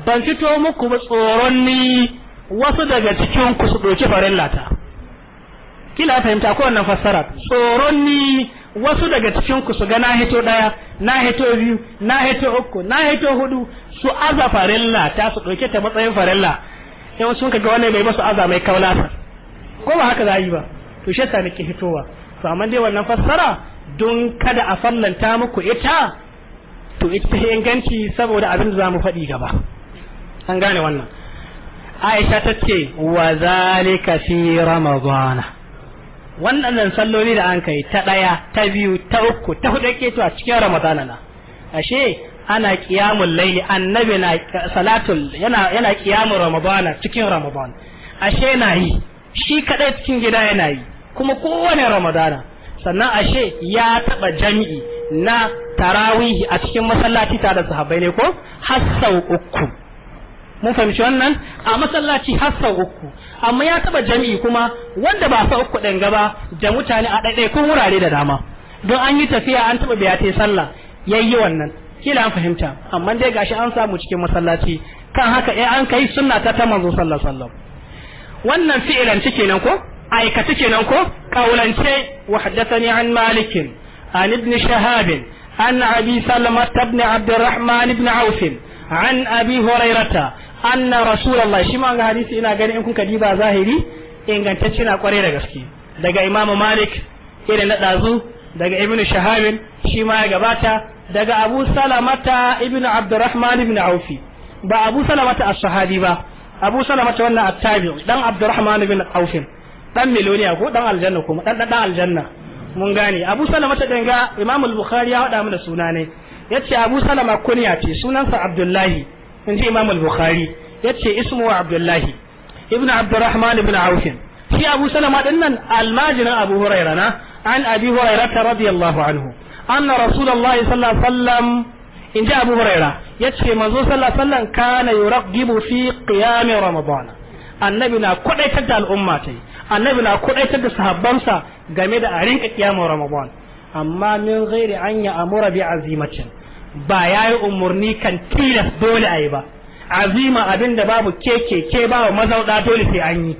ban fito muku ba tsoron ni wasu daga cikin ku su ɗauki lata kila fahimta ko wannan fassara tsoron ni wasu daga cikin ku su ga na hito ɗaya na hito biyu na hito uku na hito hudu su aza farin ta su ɗauke ta matsayin la yan sun ka ga wani mai basu aza mai kaulasa ko ba haka za yi ba to shi yasa nake hitowa to amma dai wannan fassara don kada a sallanta muku ita to ita ta inganci saboda abin da za mu faɗi gaba an gane wannan aisha ta ce wa zalika fi ramadana wannan salloli da an kai ta ɗaya ta biyu ta uku ta hudu ke to a cikin ramadana na ashe ana qiyamul layli annabi na salatul yana yana qiyamul ramadana cikin ramadana ashe na yi shi kadai cikin gida yana yi kuma kowane ramadana sannan ashe ya taba jami'i na tarawihi a cikin masallaci tare da sahabbai ne ko hassau uku mun fahimci wannan a masallaci hassau uku amma ya taba jami'i kuma wanda ba sa uku ɗin gaba da mutane a kun wurare da dama don an yi tafiya an taba biya ta sallah yayi wannan kila an fahimta amma dai gashi an samu cikin masallaci kan haka eh an kai sunna ta ta manzo sallallahu alaihi wannan fi'ilan cike nan ko aikace kenan ko kaulance wa haddathani an malik an ibn shahab an abi salama ibn abd ibn auf an abi hurairata anna rasulullah shi ma ga hadisi ina gani in kuka diba zahiri ingantacce na kware da gaske daga imamu malik na dazu daga ibn shahab shi ma ya gabata daga abu salamata ibn abd ibn auf ba abu salamata as-sahabi ba abu salamata wannan at-tabi'i dan abd ibn auf dan miloniya ko dan aljanna kuma dan dan aljanna mun gane Abu Salama ta danga Imam al-Bukhari ya hada mana suna ne yace Abu Salama kunya ce sunansa Abdullahi inji Imam al-Bukhari yace ismu Abdullahi ibn Abdurrahman ibn Auf shi Abu Salama din nan almajirin Abu Hurairah na an Abi Hurairah radiyallahu anhu anna Rasulullahi sallallahu alaihi wasallam inji Abu Hurairah yace manzo sallallahu alaihi wasallam kana yuraqibu fi qiyam Ramadan annabi na kwadaitar da al'umma ta annabi na kudaitar da sahabbansa game da a rinka kiyama ramadan amma min ghairi an ya amura bi azimatin ba yayi umurni kan tilas dole ayi ba azima abinda babu keke ke babu mazauda dole sai an yi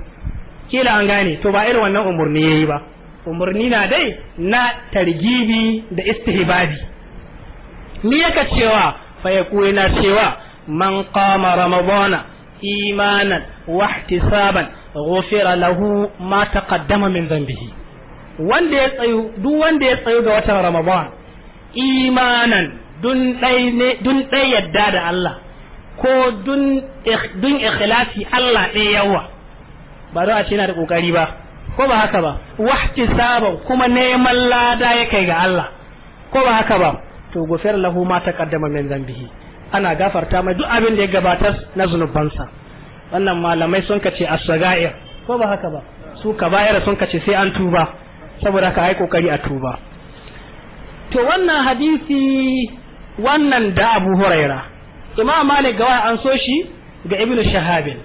kila an gane to ba irin wannan umurni yayi ba umurni na dai na targibi da istihbabi ni yaka cewa fa yakuri na cewa man qama ramadana imanan wahtisaban ghufira lahu ma taqaddama min dhanbihi wanda ya tsayu duk wanda ya tsayu ga watan ramadan imanan dun dai ne dun dai yadda da Allah ko dun dun ikhlasi Allah dai yawa ba do a ce yana da kokari ba ko ba haka ba sabon kuma neman lada yake ga Allah ko ba haka ba to gofar lahu ma taqaddama min zambihi ana gafarta mai duk abin da ya gabatar na zunubansa wannan malamai sun kace as-sagair ko ba haka ba su kabaira sun kace sai an tuba saboda ka ai kokari a tuba to wannan hadisi wannan da Abu Huraira Imam Malik gawa an so shi ga Ibn Shahabin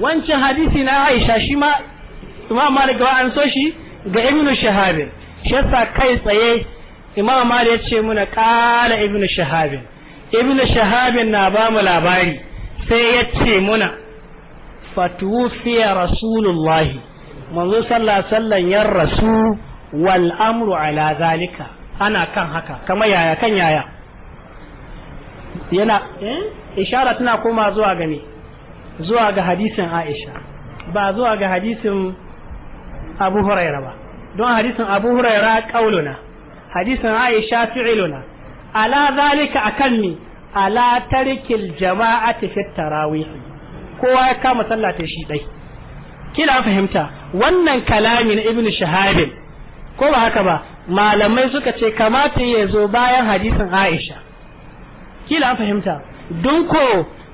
wancan hadisi na Aisha shi ma Imam Malik gawa an so shi ga Ibn Shahabin shi yasa kai tsaye Imam Malik ya ce muna kala Ibn Shahabin Ibn Shahabin na ba mu labari sai ya ce muna fatuwufiya rasulullahi manzo sallah sallan ya rasu wal amru ala zalika ana kan haka kama yaya kan yaya yana eh ishara tana koma zuwa ga zuwa ga hadisin Aisha ba zuwa ga hadisin Abu Hurairah ba don hadisin Abu Hurairah kauluna hadisin Aisha fi'iluna ala zalika akan ni ala tarikil jama'ati fit kowa ya kama sallah ta shi dai kila fahimta wannan kalami na ibnu shahabin ko ba haka ba malamai suka ce kamata ya zo bayan hadisin aisha kila fahimta dun ko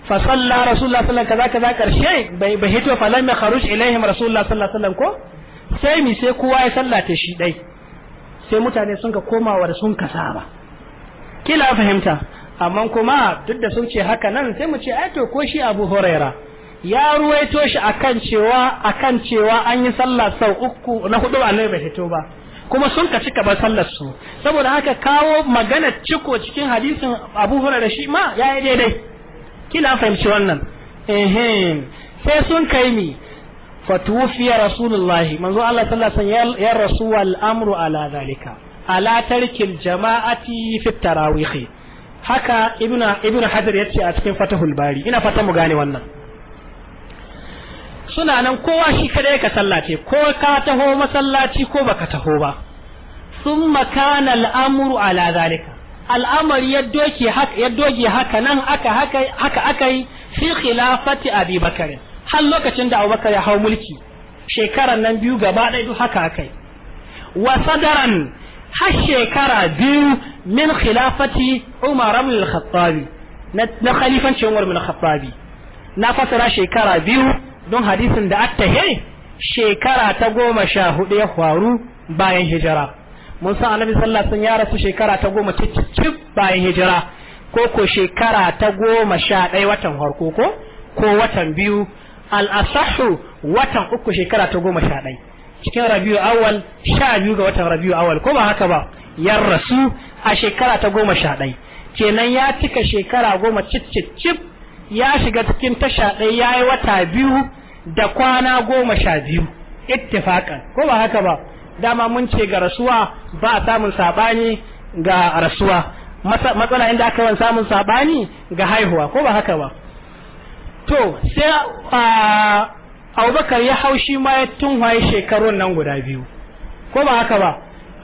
fa salla rasulullah sallallahu kaza kaza karshe bai hito fa lam yakhruj ilaihim rasulullah sallallahu alaihi wasallam ko sai mi sai kowa ya sallata shi dai sai mutane sun ka komawa da sun saba. kila fahimta amma kuma duk da sun ce haka nan sai mu ce ai to ko shi Abu Huraira ya ruwaito shi akan cewa akan cewa an yi sallah sau uku na hudu annabi bai ba kuma sun ka cika ba sallar su saboda haka kawo magana ciko cikin hadisin Abu Hurairah shi ma yayi daidai kila fahimci wannan sai sun kai mi fatufiya rasulullahi manzo Allah sallallahu alaihi wasallam ya rasu al'amru ala zalika ala tarkil jama'ati fi tarawih haka ibnu ibnu hajar yace a cikin fatahul bari ina fata mu gane wannan suna nan kowa shi kadai ka sallace ko ka taho masallaci ko baka taho ba sun makana al'amuru ala zalika al'amari ya doke doge haka nan aka haka haka fi khilafati abi bakar har lokacin da abubakar ya hau mulki shekaran nan biyu gaba ɗaya duk haka akai wa sadaran har shekara biyu min khilafati umar ibn al-khattabi na khalifancin umar ibn al-khattabi na fasara shekara biyu don hadisin da attahe shekara ta goma sha hudu ya faru bayan hijira mun san annabi sallallahu alaihi ya rasu shekara ta goma cicicip bayan hijira ko ko shekara ta goma sha ɗaya watan farko ko ko watan biyu al-asahu watan uku shekara ta goma sha ɗaya cikin rabiu awal sha biyu ga watan rabiu awal ko ba haka ba ya rasu a shekara ta goma sha ɗaya kenan ya cika shekara goma cicicip ya shiga cikin tasha ɗaya ya yi wata biyu da kwana goma sha biyu ittifakan ko ba haka ba dama mun ce ga rasuwa ba a samun saɓani ga rasuwa matsala inda aka wani samun saɓani ga haihuwa ko ba haka ba to sai abubakar ya haushi ma ya tunwaye shekarun nan guda biyu ko ba haka ba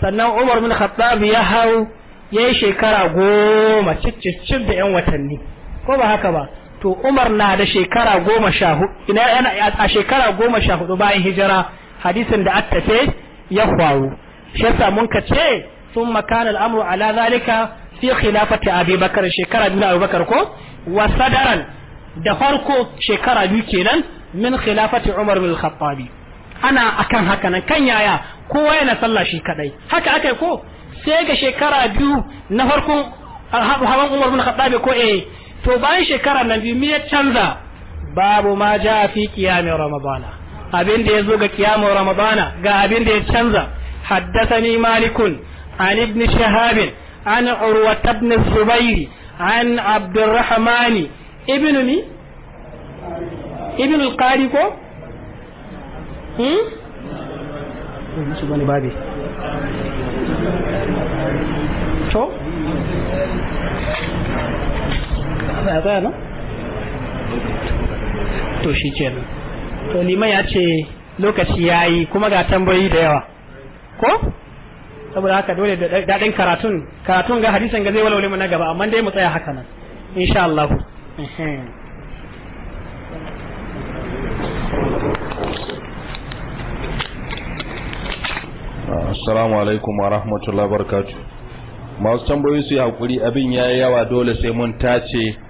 sannan umar bin khattab ya hau ya yi shekara goma cicicin da yan watanni ko ba haka ba to Umar na da shekara goma sha hudu ina a shekara goma sha hudu bayan hijira hadisin da attafe ya faru shi yasa mun ka ce sun makana al'amru ala zalika fi khilafati abi bakar shekara biyu abu bakar ko wa sadaran da farko shekara biyu kenan min khilafati umar bin khattabi ana akan haka nan kan yaya kowa yana sallah shi kadai haka akai ko sai ga shekara biyu na farkon hawan umar bin khattabi ko eh to bayan shekara nan biyu ya canza babu ma ja fi kiyamin ramadana abin da ya zo ga kiyamin ramadana ga abin da ya canza haddasani malikun an ibn shahabin an urwa ibn zubairi an abdurrahmani ibn mi ibn al ko hmm to to shi kenan to liman ya ce lokaci ya yi kuma ga tambayi da yawa ko saboda haka dole da daɗin karatun karatun ga hadisan ga zai walwale mu na gaba amma dai mu tsaya haka nan insha Allah assalamu alaikum wa rahmatullahi wa barakatuh masu tambayoyi su yi hakuri abin yayi yawa dole sai mun tace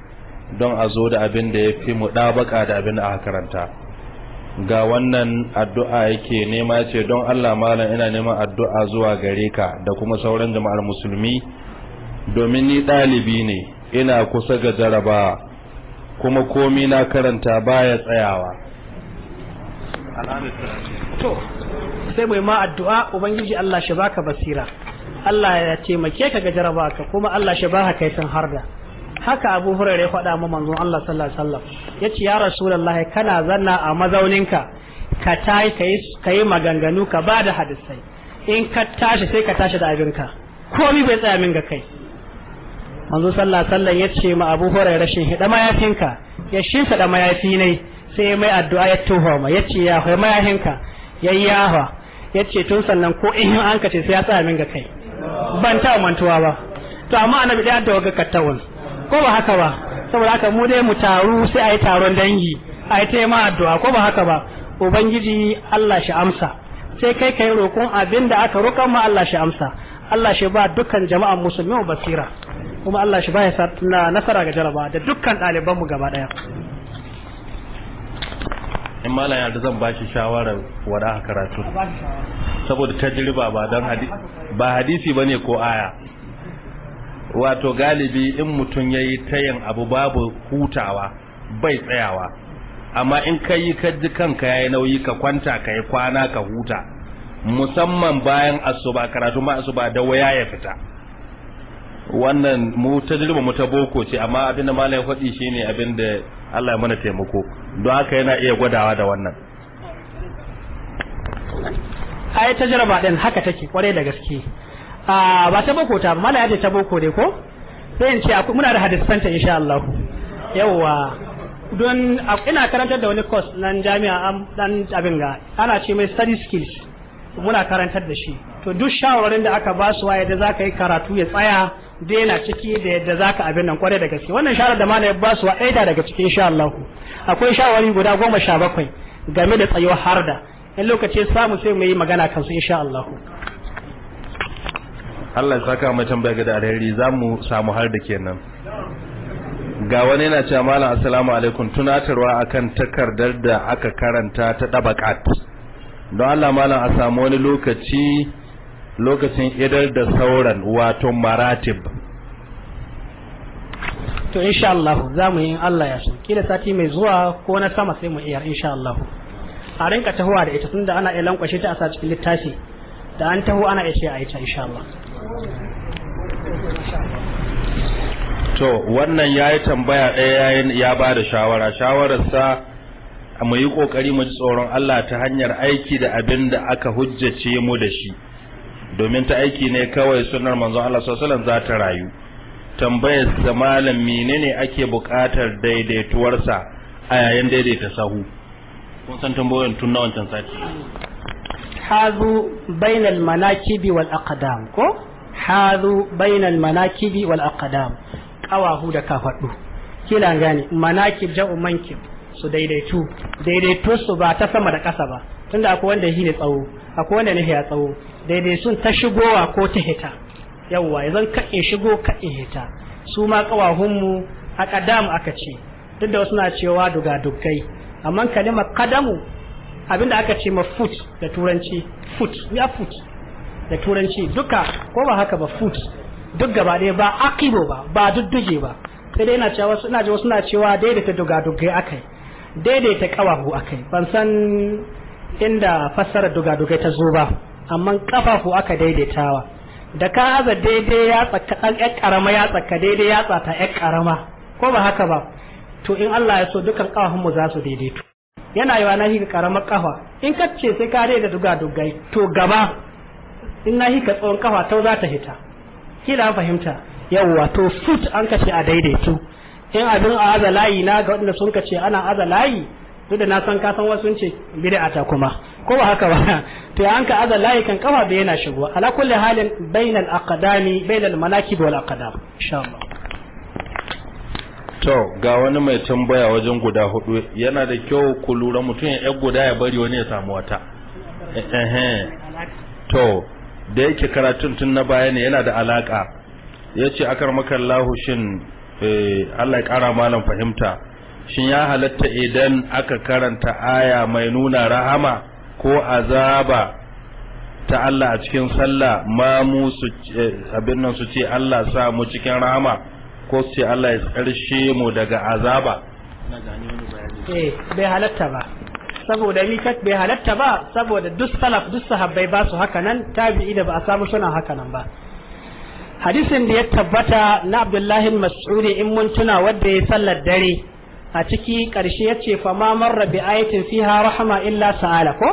don a zo da abin da ya fi mu ɗabaƙa da abin da aka karanta ga wannan addu'a yake nema ce don Allah malam ina neman addu'a zuwa gare ka da kuma sauran jama'ar musulmi domin ni ɗalibi ne ina kusa ga jaraba kuma komi na karanta baya tsayawa to sai mai ma addu'a ubangiji Allah shi baka basira Allah ya taimake ka ga jaraba ka kuma Allah shi baka kai san harda haka abu hurare ya faɗa ma manzon Allah sallallahu alaihi wasallam yace ya rasulullahi kana zanna a mazauninka ka tayi ka yi maganganu ka ba da hadisai in ka tashi sai ka tashi da abinka komai bai tsaya min ga kai manzo sallallahu alaihi wasallam ce ma abu hurare rashin hida mayafinka ya shinsa da mayafi ne sai mai addu'a ya tuho ma ya ce ya hoyi mayafinka Ya ce tun sannan ko in an ka ce sai ya tsaya min ga kai ban ta mantuwa ba to amma annabi da ya dawo ga kattawun ko ba haka ba saboda haka mu dai mu taru sai a yi taron dangi a yi ta ma addu'a ko ba haka ba ubangiji Allah shi amsa sai kai kai roƙon abin da aka roƙa ma Allah shi amsa Allah shi ba dukkan jama'an musulmi basira kuma Allah shi ba ya nasara ga jaraba da dukkan ɗalibanmu gaba ɗaya in malam yadda zan ba shi shawarar wada karatu saboda tajriba ba hadisi ba hadisi bane ko aya wato galibi in mutum ya yi tayin abu babu hutawa bai tsayawa amma in ka yi ka ji kanka ya yi nauyi ka kwanta ka yi kwana ka huta musamman bayan asuba karatu ma asuba da waya ya fita wannan mu ta jirba mu ta boko ce amma abin da malam faɗi shine abin da Allah ya mana taimako don haka yana iya gwadawa da wannan ai ta jaraba din haka take kwarai da gaske a ba ta boko ta mala yaje ta boko ne ko sai in ce muna da ta insha Allah yawa don ina karantar da wani course nan jami'a am dan abin ga ana ce mai study skills muna karantar da shi to duk shawarwarin da aka ba su waye da zaka yi karatu ya tsaya daina ciki da yadda zaka abin nan kware da gaske wannan shawara da malai ba su wa ɗaya daga cikin insha Allah akwai shawari guda goma sha bakwai game da tsayo harda in lokaci samu sai mu yi magana su insha Allah Allah ya saka mai tambaya da alheri za mu samu har da kenan ga wani yana cewa malam assalamu alaikum tunatarwa akan takardar da aka karanta ta dabakat don Allah malam a samu wani lokaci lokacin idar da sauran wato maratib to insha Allah za mu yi Allah ya shi kila sati mai zuwa ko na sama sai mu iya insha Allah a rinka tahowa da ita tunda ana iya lankwashe ta a sa cikin littafi da an taho ana ce a yi ta insha Allah to wannan ya yi tambaya ɗaya ya ba da shawara shawararsa mu yi ƙoƙari mu ji tsoron Allah ta hanyar aiki da abin da aka hujjace mu da shi domin ta aiki ne kawai sunar manzon Allah sallallahu za ta rayu tambayar da malam menene ake buƙatar daidaituwarsa a yayin daidaita sahu kun san tambayoyin tun na wancan sati hazu bainal manakibi wal aqdam ko hazu bainal manakibi wal aqdam kawahu da kafadu kila gane manakib jam'u mankib su daidaitu daidaitu su ba ta sama da ƙasa ba tunda akwai wanda shi ne tsawo akwai wanda ne ya tsawo daidaisun ta shigowa ko ta hita yawwa yanzu ka in shigo ka in hita su ma mu a kadam aka ce duk da wasu na cewa duga duggai amma kalimar kadamu abinda aka ce ma foot da turanci foot ya foot da turanci duka ko ba haka ba foot duk gaba ɗaya ba akibo ba ba dudduge ba sai dai ina cewa wasu na cewa daidaita dugadugai akai daidaita kawahu akai ban san inda fassarar dugadugai ta zo ba amma kafafu aka daidaitawa da ka aza daidai ya tsaka ɗan ƴan karama ya tsaka daidai ya tsata ƴan karama ko ba haka ba to in Allah ya so dukan kawahun mu za su daidaito yana yawa na hika karamar kafa in ka ce sai ka da duga dugai to gaba in na hika tsawon kafa ta za ta hita kila fahimta yawwa to fut an ce a daidaitu in abin a aza layi na ga wanda sun ka ce ana aza layi duk da na san ka wasu ce bid'a ta kuma ko ba haka ba to an ka aza layi kan kafa da yana shigo ala kulli halin bainal aqdami bainal manakib wal aqdam insha Allah to ga wani mai tambaya wajen guda hudu yana da kyau ku lura mutum ya guda ya bari wani ya samu wata to da yake karatun tun na baya ne yana da alaka ya ce akar makar lahushin eh, Allah ya kara malam fahimta shin ya halatta idan aka karanta aya mai nuna rahama ko azaba ta Allah a cikin sallah ma mu su eh, abin nan su ce Allah sa mu cikin rahama ko sai Allah ya karshe mu daga azaba eh bai halatta ba saboda ni kat bai halatta ba saboda duk salaf duk sahabbai ba su haka nan tabi'i da ba a samu suna haka nan ba hadisin da ya tabbata na abdullahi mas'udi in mun tuna wanda ya sallar dare a ciki karshe ya ce fa ma marra bi ayatin fiha rahama illa sa'ala ko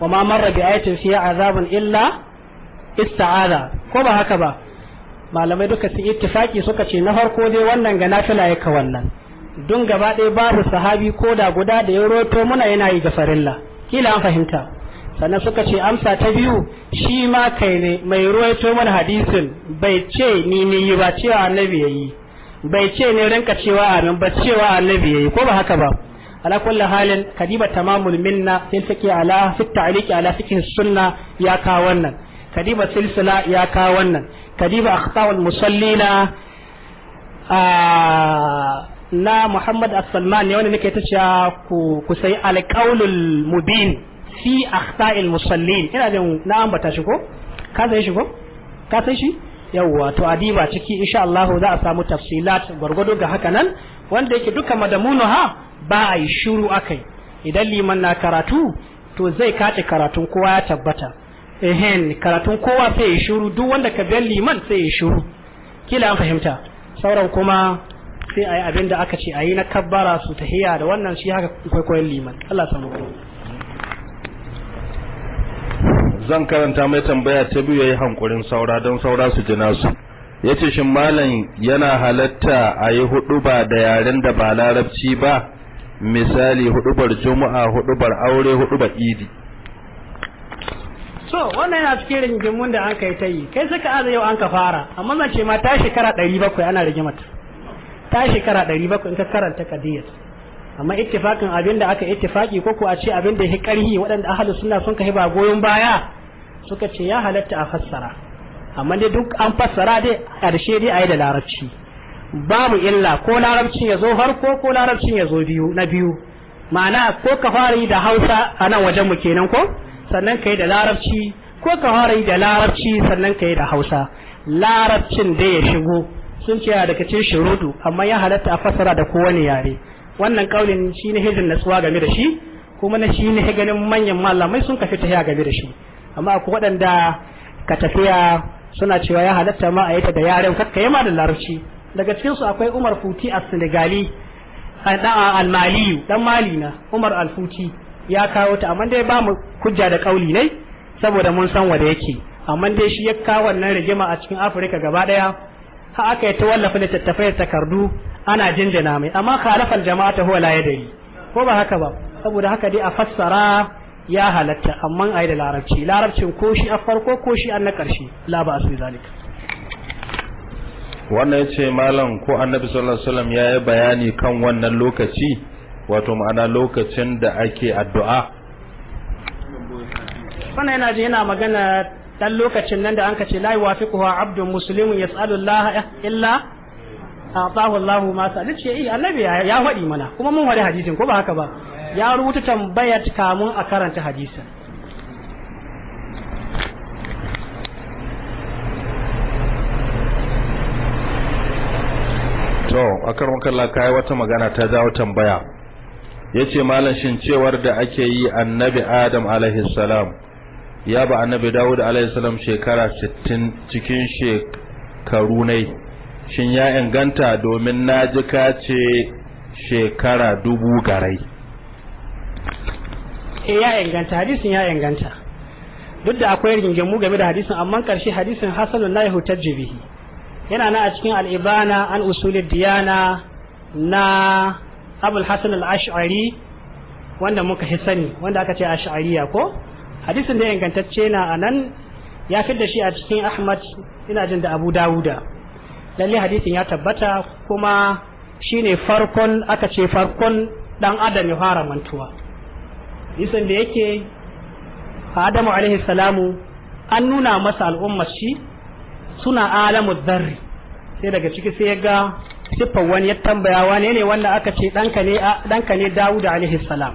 wa ma marra bi ayatin fiha azabun illa ista'aza ko ba haka ba malamai duka su ittifaki suka ce na farko dai wannan ga nafila ya ka wannan dun gaba ɗaya babu sahabi ko da guda da ya roto muna yana yi ga farilla kila an fahimta sannan suka ce amsa ta biyu shi ma kai ne mai roto mana hadisin bai ce ni ne yi ba cewa annabi yi. bai ce ne rinka cewa amin ba cewa annabi yi ko ba haka ba ala kulli halin kadiba tamamul minna sai take ala fit ta'liqi ala fiqh sunna ya ka wannan kadiba silsila ya kawo wannan kadiba akhtawul musallina na Muhammad as-Salman ne wanda nake ta cewa ku ku sai alqaulul mubin fi akhta'il musallin ina jin na ambata shi ko ka sai shi ko ka sai shi yawwa to adiba ciki insha Allah za a samu tafsilat gwargwado ga haka nan wanda yake duka madamunu ha ba a yi shuru akai idan liman na karatu to zai kace karatun kowa ya tabbata ehen karatun kowa sai ya shuru duk wanda ka biyan liman sai ya shuru kila an fahimta sauran kuma sai a abin da aka ce ayi na kabbara su tahiya da wannan shi haka kwaikwayon liman Allah samu zan karanta mai tambaya ta biyu yayi hankurin saura don saura su ji nasu yace shin malam yana halatta ayi yi ba da yaren da ba larabci ba misali hudubar juma'a hudubar aure hudubar idi so wannan yana cikin rigingimun da an kai ta yi kai suka aza yau an ka fara amma zan ce ma ta shekara ɗari bakwai ana rigimata ta shekara ɗari bakwai in ka karanta kadiyar amma ittifakin abin da aka ittifaki ko ko a ce abin da ya karhi waɗanda ahalus sunna sun kai ba goyon baya suka ce ya halatta a fassara amma dai duk an fassara dai ƙarshe dai a yi da larabci babu illa ko larabcin ya zo farko ko larabcin ya zo biyu na biyu ma'ana ko ka fara yi da hausa a nan wajen mu kenan ko sannan ka yi da larabci ko ka fara yi da larabci sannan ka yi da hausa larabcin dai ya shigo sun ce daga cikin shirudu amma ya halatta a fasara da kowane yare wannan kaulin shi ne hidin natsuwa game da shi kuma na shi ne ganin manyan malamai sun kafi tafiya game da shi amma akwai waɗanda ka tafiya suna cewa ya halatta ma a yi ta da yaren kakka ma da larabci daga cikin su akwai Umar Futi a Senegali dan Almaliyu dan Mali na Umar Alfuti ya kawo ta amma dai ba mu hujja da kauli ne saboda mun san wanda yake amma dai shi ya kawo wannan rigima a cikin Afirka gaba daya ha aka yi ta wallafa da takardu ana jinjina mai amma khalafal jama'ata huwa la yadari ko ba haka ba saboda haka dai a fassara ya halatta amma a da larabci larabcin ko shi a farko ko shi an na ƙarshe la ba su zalika wannan ya ce malam ko annabi sallallahu alaihi wasallam ya yi bayani kan wannan lokaci wato ma'ana lokacin da ake addu'a wannan yana ji yana magana dan lokacin nan da an kace la yuwafiquhu abdun muslimun yas'alu Allah illa atahu Allah ma sa ce eh annabi ya faɗi mana kuma mun faɗi hadisin ko ba haka ba ya rubuta tambayar kamun a karanta hadisin to akar wakalla kai wata magana ta jawo tambaya yace malam shin cewar da ake yi annabi adam alaihi salam ya ba annabi dawud alaihi salam shekara 60 cikin shekaru ne shin ya inganta domin naji ka ce shekara dubu garai eh, ya inganta hadisin ya inganta duk da akwai rigingimu game da hadisin amma karshe hadisin hasanun la yahtajju bihi yana na a cikin al-ibana an usulid diyana na abul hasan al-ash'ari wanda muka fi sani wanda aka ce ash'ariya ko hadisin da ya ingantacce na anan ya fi da shi a cikin ahmad ina jin da abu dawuda lalle hadisin ya tabbata kuma shine farkon aka ce farkon ɗan adam ya fara mantuwa hadisin da yake adamu alaihi salamu an nuna masa al'ummar shi suna alamu zarri sai daga ciki sai ya ga siffar wani ya tambaya wane ne wanda aka ce ɗanka ne ɗanka ne Dawud alaihi salam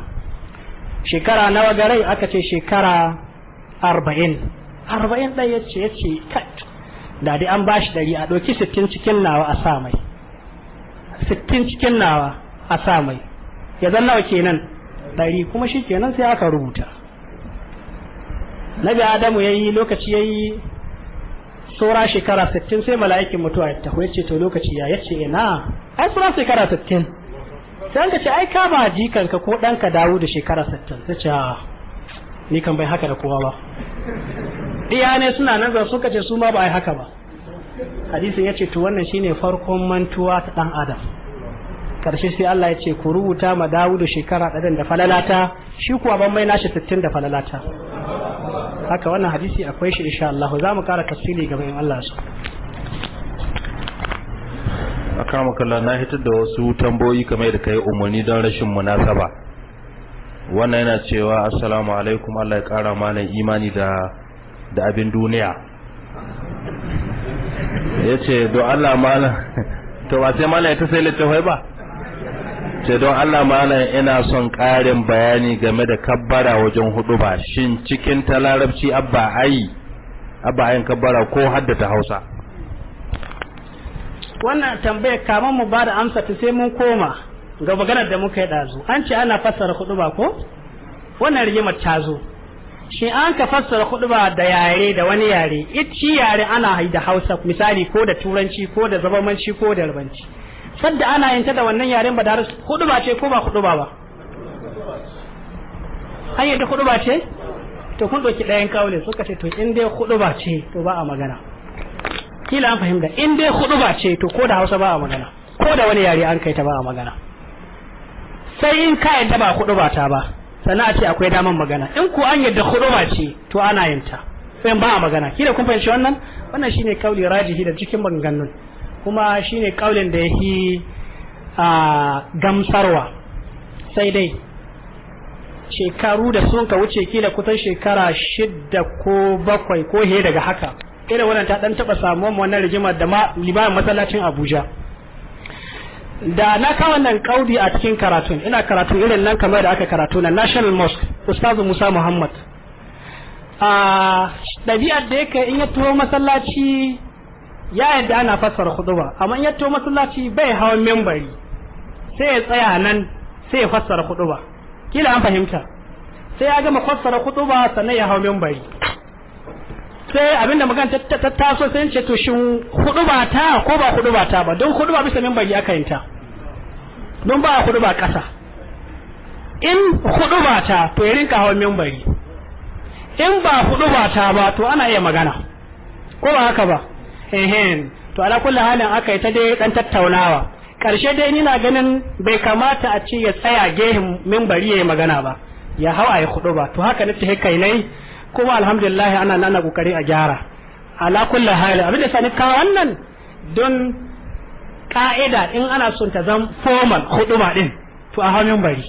shekara nawa garai aka ce shekara arba'in arba'in ɗan ya ce ya ce kat da dai an ba shi ɗari a ɗauki sittin cikin nawa a sa mai sittin cikin nawa a sa mai ya zan nawa kenan ɗari kuma shi kenan sai aka rubuta nabi adamu ya yi lokaci ya yi saura shekara 60 sai mala'ikin mutuwa ya taho yace to lokaci ya yace ina ai saura shekara 60 sai ka ce ai ka ba jikan ka ko dan ka dawo da shekara 60 sai ce ah, ni kan bai haka da kowa ba iya ne suna nan zan suka ce su ma ba ai haka ba hadisin yace to wannan shine farkon mantuwa ta dan adam karshe sai Allah ya ce ku rubuta ma Dawudu shekara ɗarin da falalata shi kuwa ban mai nashi sittin da falalata haka wannan hadisi akwai shi insha Allah za mu kara tafsiri ga bayan Allah su aka makalla na hitar da wasu tamboyi kamar da kai umarni don rashin munasaba wannan yana cewa assalamu alaikum Allah ya kara mana imani da da abin duniya yace do Allah malam to ba sai malam ya ta sai littafai ba ce don Allah ma'ana ina son ƙarin bayani game da kabbara wajen hudu ba shin cikin ta larabci abba ayi abba ayin kabbara ko haddata hausa wannan tambayar kamar mu ba da amsa ta sai mun koma ga maganar da muka yi ɗazu an ce ana fassara hudu ba ko wannan rigimar ta zo shi an ka fassara hudu ba da yare da wani yare shi yare ana da hausa misali ko da turanci ko da zabamanci ko da rubanci sadda ana yin ta da wannan yaren badaris hudu ba ce ko ba hudu ba ba an yadda hudu ba ce to kun ɗauki ɗayan ne suka ce to in dai hudu ba ce to ba a magana kila an fahimta in dai hudu ba ce to ko da hausa ba a magana ko da wani yare an kai ta ba a magana sai in ka yadda ba hudu ba ta ba sannan a ce akwai daman magana in ko an yadda hudu ba ce to ana yin ta sai ba a magana kila kun fahimci wannan wannan shine kauli rajihi da cikin maganganun kuma shine kaulin da yahi a gamsarwa sai dai shekaru da sun ka wuce kila kusan shekara shidda ko bakwai ko he daga haka irin wannan ta dan taba samuwan wannan rijimar da ma limamin masallacin Abuja da na kawo wannan kaudi a cikin karatun ina karatu irin nan kamar da aka karatu na National Mosque Ustazu Musa Muhammad a ɗabi'ar da yake in ya tuwo masallaci ya yadda ana fassara khutba amma in ya to masallaci bai hawan membari sai ya tsaya nan sai ya fassara khutba kila an fahimta sai ya gama fassara khutba sannan ya hawan membari sai abinda magana ta taso sai ce to shin khutba ta ko ba khutba ta ba don khutba bisa membari aka yinta don ba khutba kasa in khutba ta to ya rinka hawan membari in ba khutba ta ba to ana iya magana ko ba haka ba ehen to ala kulli halin aka yi ta dai dan tattaunawa karshe dai ni na ganin bai kamata a ce ya tsaya gehin minbari ya yi magana ba ya hawa ya huɗu ba to haka na tahe kai nai kuma alhamdulillah ana nana kokari a gyara ala kulli halin abin da sani ka wannan don ka'ida in ana son ta zan formal huduma din to a hawa bari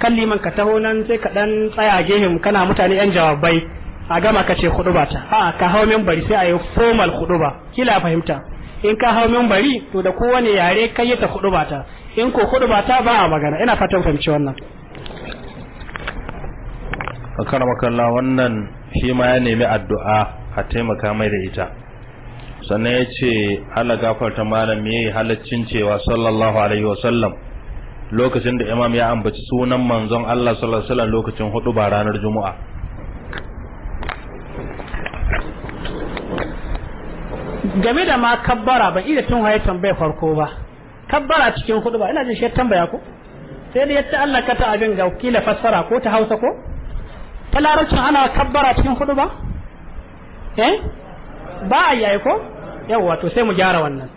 kan liman ka taho nan sai ka dan tsaya gehin kana mutane yan jawabai a gama ka ce hudu ta a ka hau membari sai a yi formal ba kila fahimta in ka hau membari to da kowane yare kai ta hudu ta in ko hudu ta ba a magana ina fatan fahimci wannan kalla wannan shi ma ya nemi addu'a a taimaka mai da ita sannan ya ce Allah gafarta malam ya yi halaccin cewa sallallahu alaihi wasallam lokacin da imam ya ambaci sunan manzon Allah sallallahu alaihi wasallam lokacin hudu ba ranar juma'a game da ma kabbara ban iya tun haye tambaya farko ba kabbara cikin hudu ba ina jin shi tambaya ko sai da yatta Allah ka ta abin ga kila fassara ko ta Hausa ko ta larabcin ana kabbara cikin hudu ba eh ba a yayi ko yawa to sai mu gyara wannan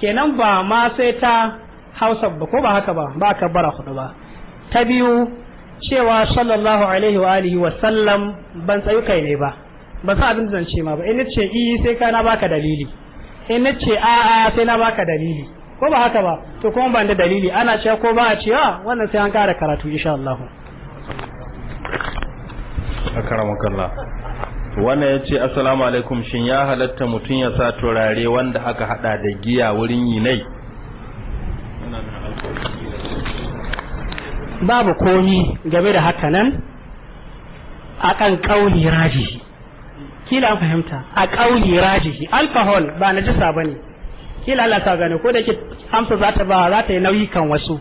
kenan ba ma sai ta Hausa ba ko ba haka ba ba kabbara hudu ba ta biyu cewa sallallahu alaihi wa alihi wa sallam ban tsayuka ne ba ba sa abin da zan ce ma ba in ce i sai ka na baka dalili in ce a a sai na baka dalili ko ba haka ba to kuma ban da dalili ana cewa ko ba a cewa ah, wannan sai an kara karatu insha Allah akramakallah wannan ya ce assalamu alaikum shin ya halatta mutum ya sa turare wanda aka hada da giya wurin yi yinai babu komi game da haka nan akan kauli raji kila an fahimta a ƙauye rajihi alkohol ba na jisa ba ne kila Allah ta gane ko da ke amsa za ta ba za ta yi nauyi kan wasu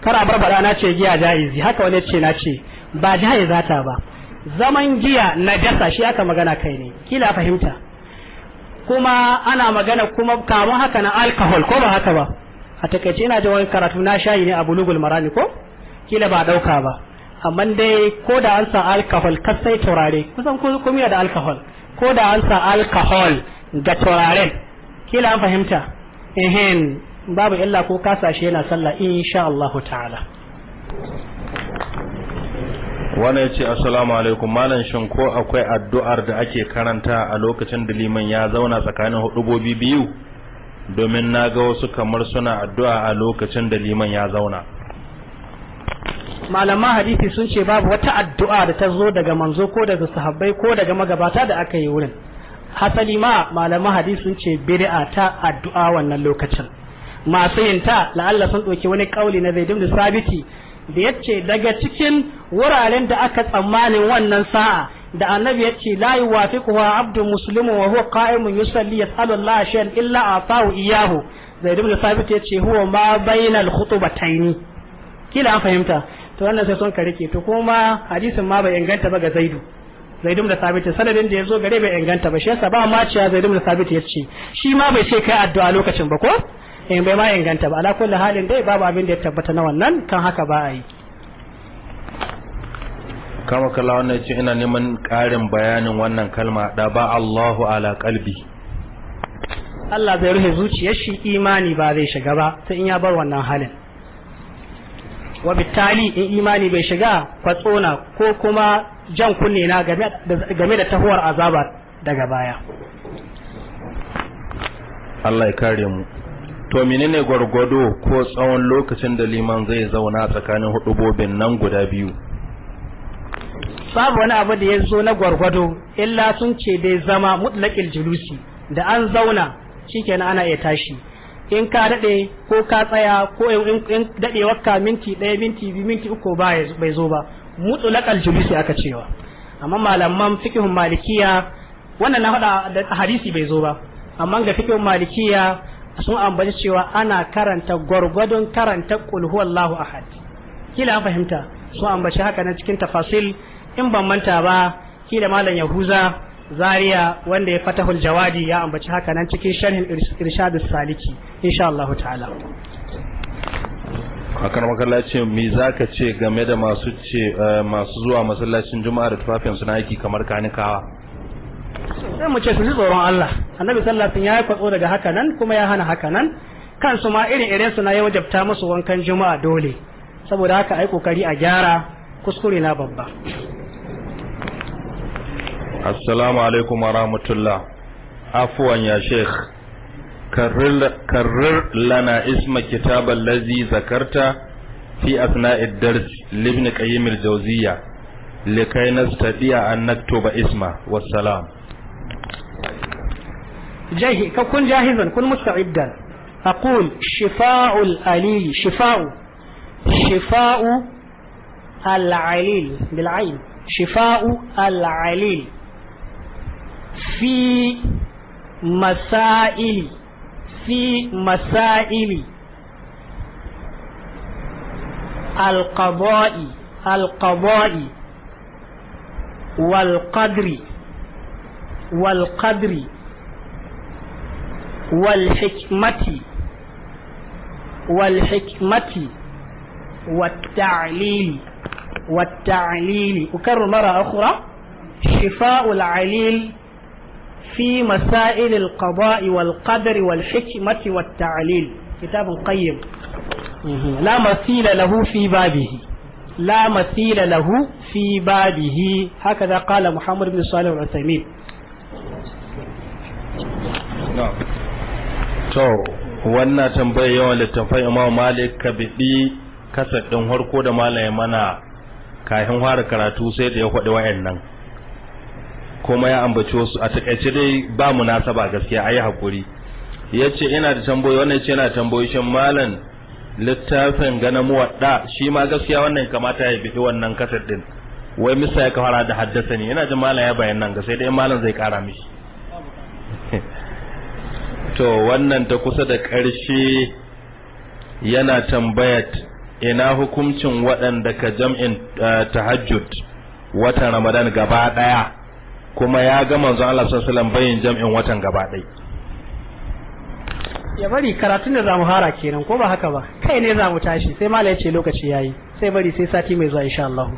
kara a na ce giya jaizi haka wani ce na ce ba jaizi za ta ba zaman giya na jasa shi aka magana kai ne kila fahimta kuma ana magana kuma kamun haka na alcohol ko ba haka ba a takaice ina jin wani karatu na shayi ne a bulugul Marani ko kila ba dauka ba amma dai ko da an sa alcohol kasai taurare kusan kuma da alcohol ko da an sa alkahol ga turaren kila an fahimta ehen babu illa ko kasashe yana sallah insha Allah ta'ala wannan ce assalamu alaikum malam shin ko akwai addu'ar da ake karanta a lokacin da liman ya zauna tsakanin hudubobi biyu domin na ga wasu kamar suna addu'a a lokacin da liman ya zauna malaman hadisi sun ce babu wata addu'a da ta zo daga manzo ko daga sahabbai ko daga magabata da aka yi wurin hasali ma malaman hadisi sun ce bid'a ta addu'a wannan lokacin masu yin ta la'alla sun ɗauki wani kauli na zaidun da sabiti da yace daga cikin wuraren da aka tsammanin wannan sa'a da annabi ya ce la kuwa abdu muslimun wa huwa qa'imun yusalli ya Allah shay'an illa atahu iyahu Zaidun ibn ya ce huwa ma bainal khutubataini kila an fahimta to wannan sai son ka rike to kuma hadisin ma bai inganta ba ga zaidu zaidu da sabiti sanadin da ya zo gare bai inganta ba shi yasa ba ma ciya zaidu da sabiti ya ce shi ma bai ce kai addu'a lokacin ba ko in eh, bai ma inganta ba ala kullu halin dai babu abin da ya tabbata na wannan kan haka ba a yi kama kallon wannan ce ina neman ƙarin bayanin wannan kalma da ba Allahu ala kalbi Allah zai rufe zuciyar shi imani ba zai shiga ba sai in ya bar wannan halin wa bitali in imani bai shiga kwatsona ko kuma jan kunne na game da tahuwar azaba daga baya Allah ya kare mu to menene gwargwado ko tsawon lokacin da liman zai zauna tsakanin hudubobin nan guda biyu babu wani abu da ya zo na gwargwado illa sun ce bai zama mutlaƙil julusi da an zauna shikenan ana iya tashi in ka daɗe ko ka tsaya ko in daɗe ka minti ɗaya minti biyu minti uku bai zo ba mutulakal julusi aka cewa amma malaman fikihun malikiya wannan na faɗa da hadisi bai zo ba amma ga fikihun malikiya sun ambaci cewa ana karanta gwargwadon karanta kul huwallahu ahad kila an fahimta sun ambaci haka na cikin tafasil in ban manta ba kila malam yahuza Zariya wanda ya fatahul jawadi ya ambaci haka nan cikin sharhin irshadus saliki insha Allah ta'ala akan makallaci me zaka ce game da masu ce eh, masu zuwa masallacin juma'a da tufafin suna aiki kamar kanikawa sai mu ce su ji tsoron Allah annabi sallallahu alaihi wasallam ya kwatso daga haka nan kuma ya hana haka nan kansu ma irin irin suna ya wajabta musu wankan juma'a dole saboda haka ai kokari a gyara kuskure na babba assalamu alaikum wa rahmatullah afuwan ya sheikh karrir lana isma kitab allazi zakarta fi asna'i ad-dars libn qayyim al-jawziyya likay nastati'a an naktuba isma wassalam جاهي كن جاهزا كن مستعدا أقول شفاء الأليل شفاء شفاء العليل بالعين شفاء العليل في مسائل في مسائل القضاء القضاء والقدر والقدر والحكمة والحكمة والتعليل والتعليل أكرر مرة أخرى شفاء العليل fi masail al-qada'i wal qadari la masila lahu fi babihi la masila lahu fi muhammad ibn salih al-uthaymeen to wannan tambayar yawan littafai imam malik ka bidi kasar din harko da malaye mana kafin fara karatu sai da ya faɗi wayannan kuma ya ambaci wasu a takaice dai ba mu nasaba gaskiya ayi hakuri yace ina da tamboyi wannan yace yana tamboyi shin malam littafin gana muwadda shi ma gaskiya wannan kamata ya bidi wannan kasar din wai misa ya kafara da haddasa ne jin malam ya bayyana ga sai dai malam zai kara mishi to wannan ta kusa da ƙarshe yana tambayat ina hukuncin waɗanda ka jam'in eh, tahajjud watan ramadan gaba ɗaya kuma ya ga manzon Allah sallallahu alaihi bayin jam'in watan gaba dai ya bari karatun da zamu hara kenan ko ba haka ba kai ne zamu tashi sai ya ce lokaci yayi sai bari sai sati mai zuwa insha Allah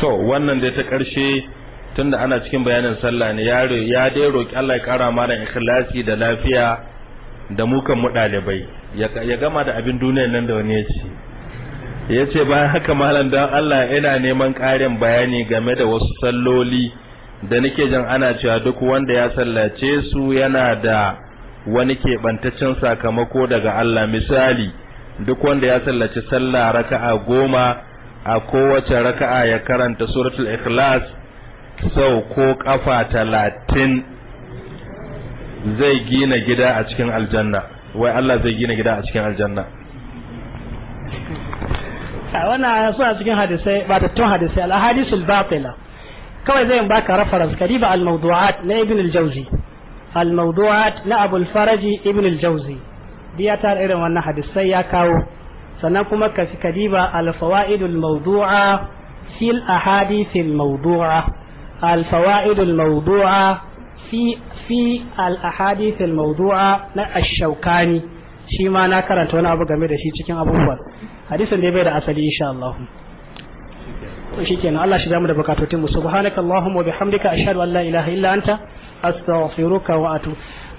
to wannan dai ta karshe tunda ana cikin bayanin sallah ne ya ya dai roki Allah ya kara mana ikhlasi da lafiya da mukan mu dalibai ya gama da abin duniyar nan da wani ya ci ya ce bayan haka malam don Allah ina neman ƙarin bayani game da wasu salloli da nake jan ana cewa duk wanda ya sallace su yana da wani keɓantaccen sakamako daga Allah misali duk wanda ya sallace sallah raka'a goma a kowace raka'a ya karanta suratul ikhlas sau ko kafa talatin zai gina gida a cikin aljanna wai Allah zai gina gida a cikin aljanna wannan suna cikin hadisai ba tun hadisai al-ahadisul batila kawai zai baka reference kariba al-mawdu'at na ibn al-jawzi al-mawdu'at na abu al-faraji ibn al-jawzi biya tar irin wannan hadisai ya kawo sannan kuma ka fi kadiba al-fawaid al-mawdu'a fi al-ahadith al-mawdu'a al-fawaid al-mawdu'a fi fi al-ahadith al-mawdu'a na ash-shawkani shi ma na karanta wani abu game da shi cikin abubuwan hadisin da bai da asali insha Allah to shikenan Allah shi zamu da bukatotin mu subhanaka allahumma wa bihamdika ashhadu an la ilaha illa anta astaghfiruka wa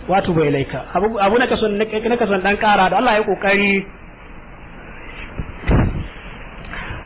wa atubu ilaika abu na kaso na kaso dan kara da Allah ya kokari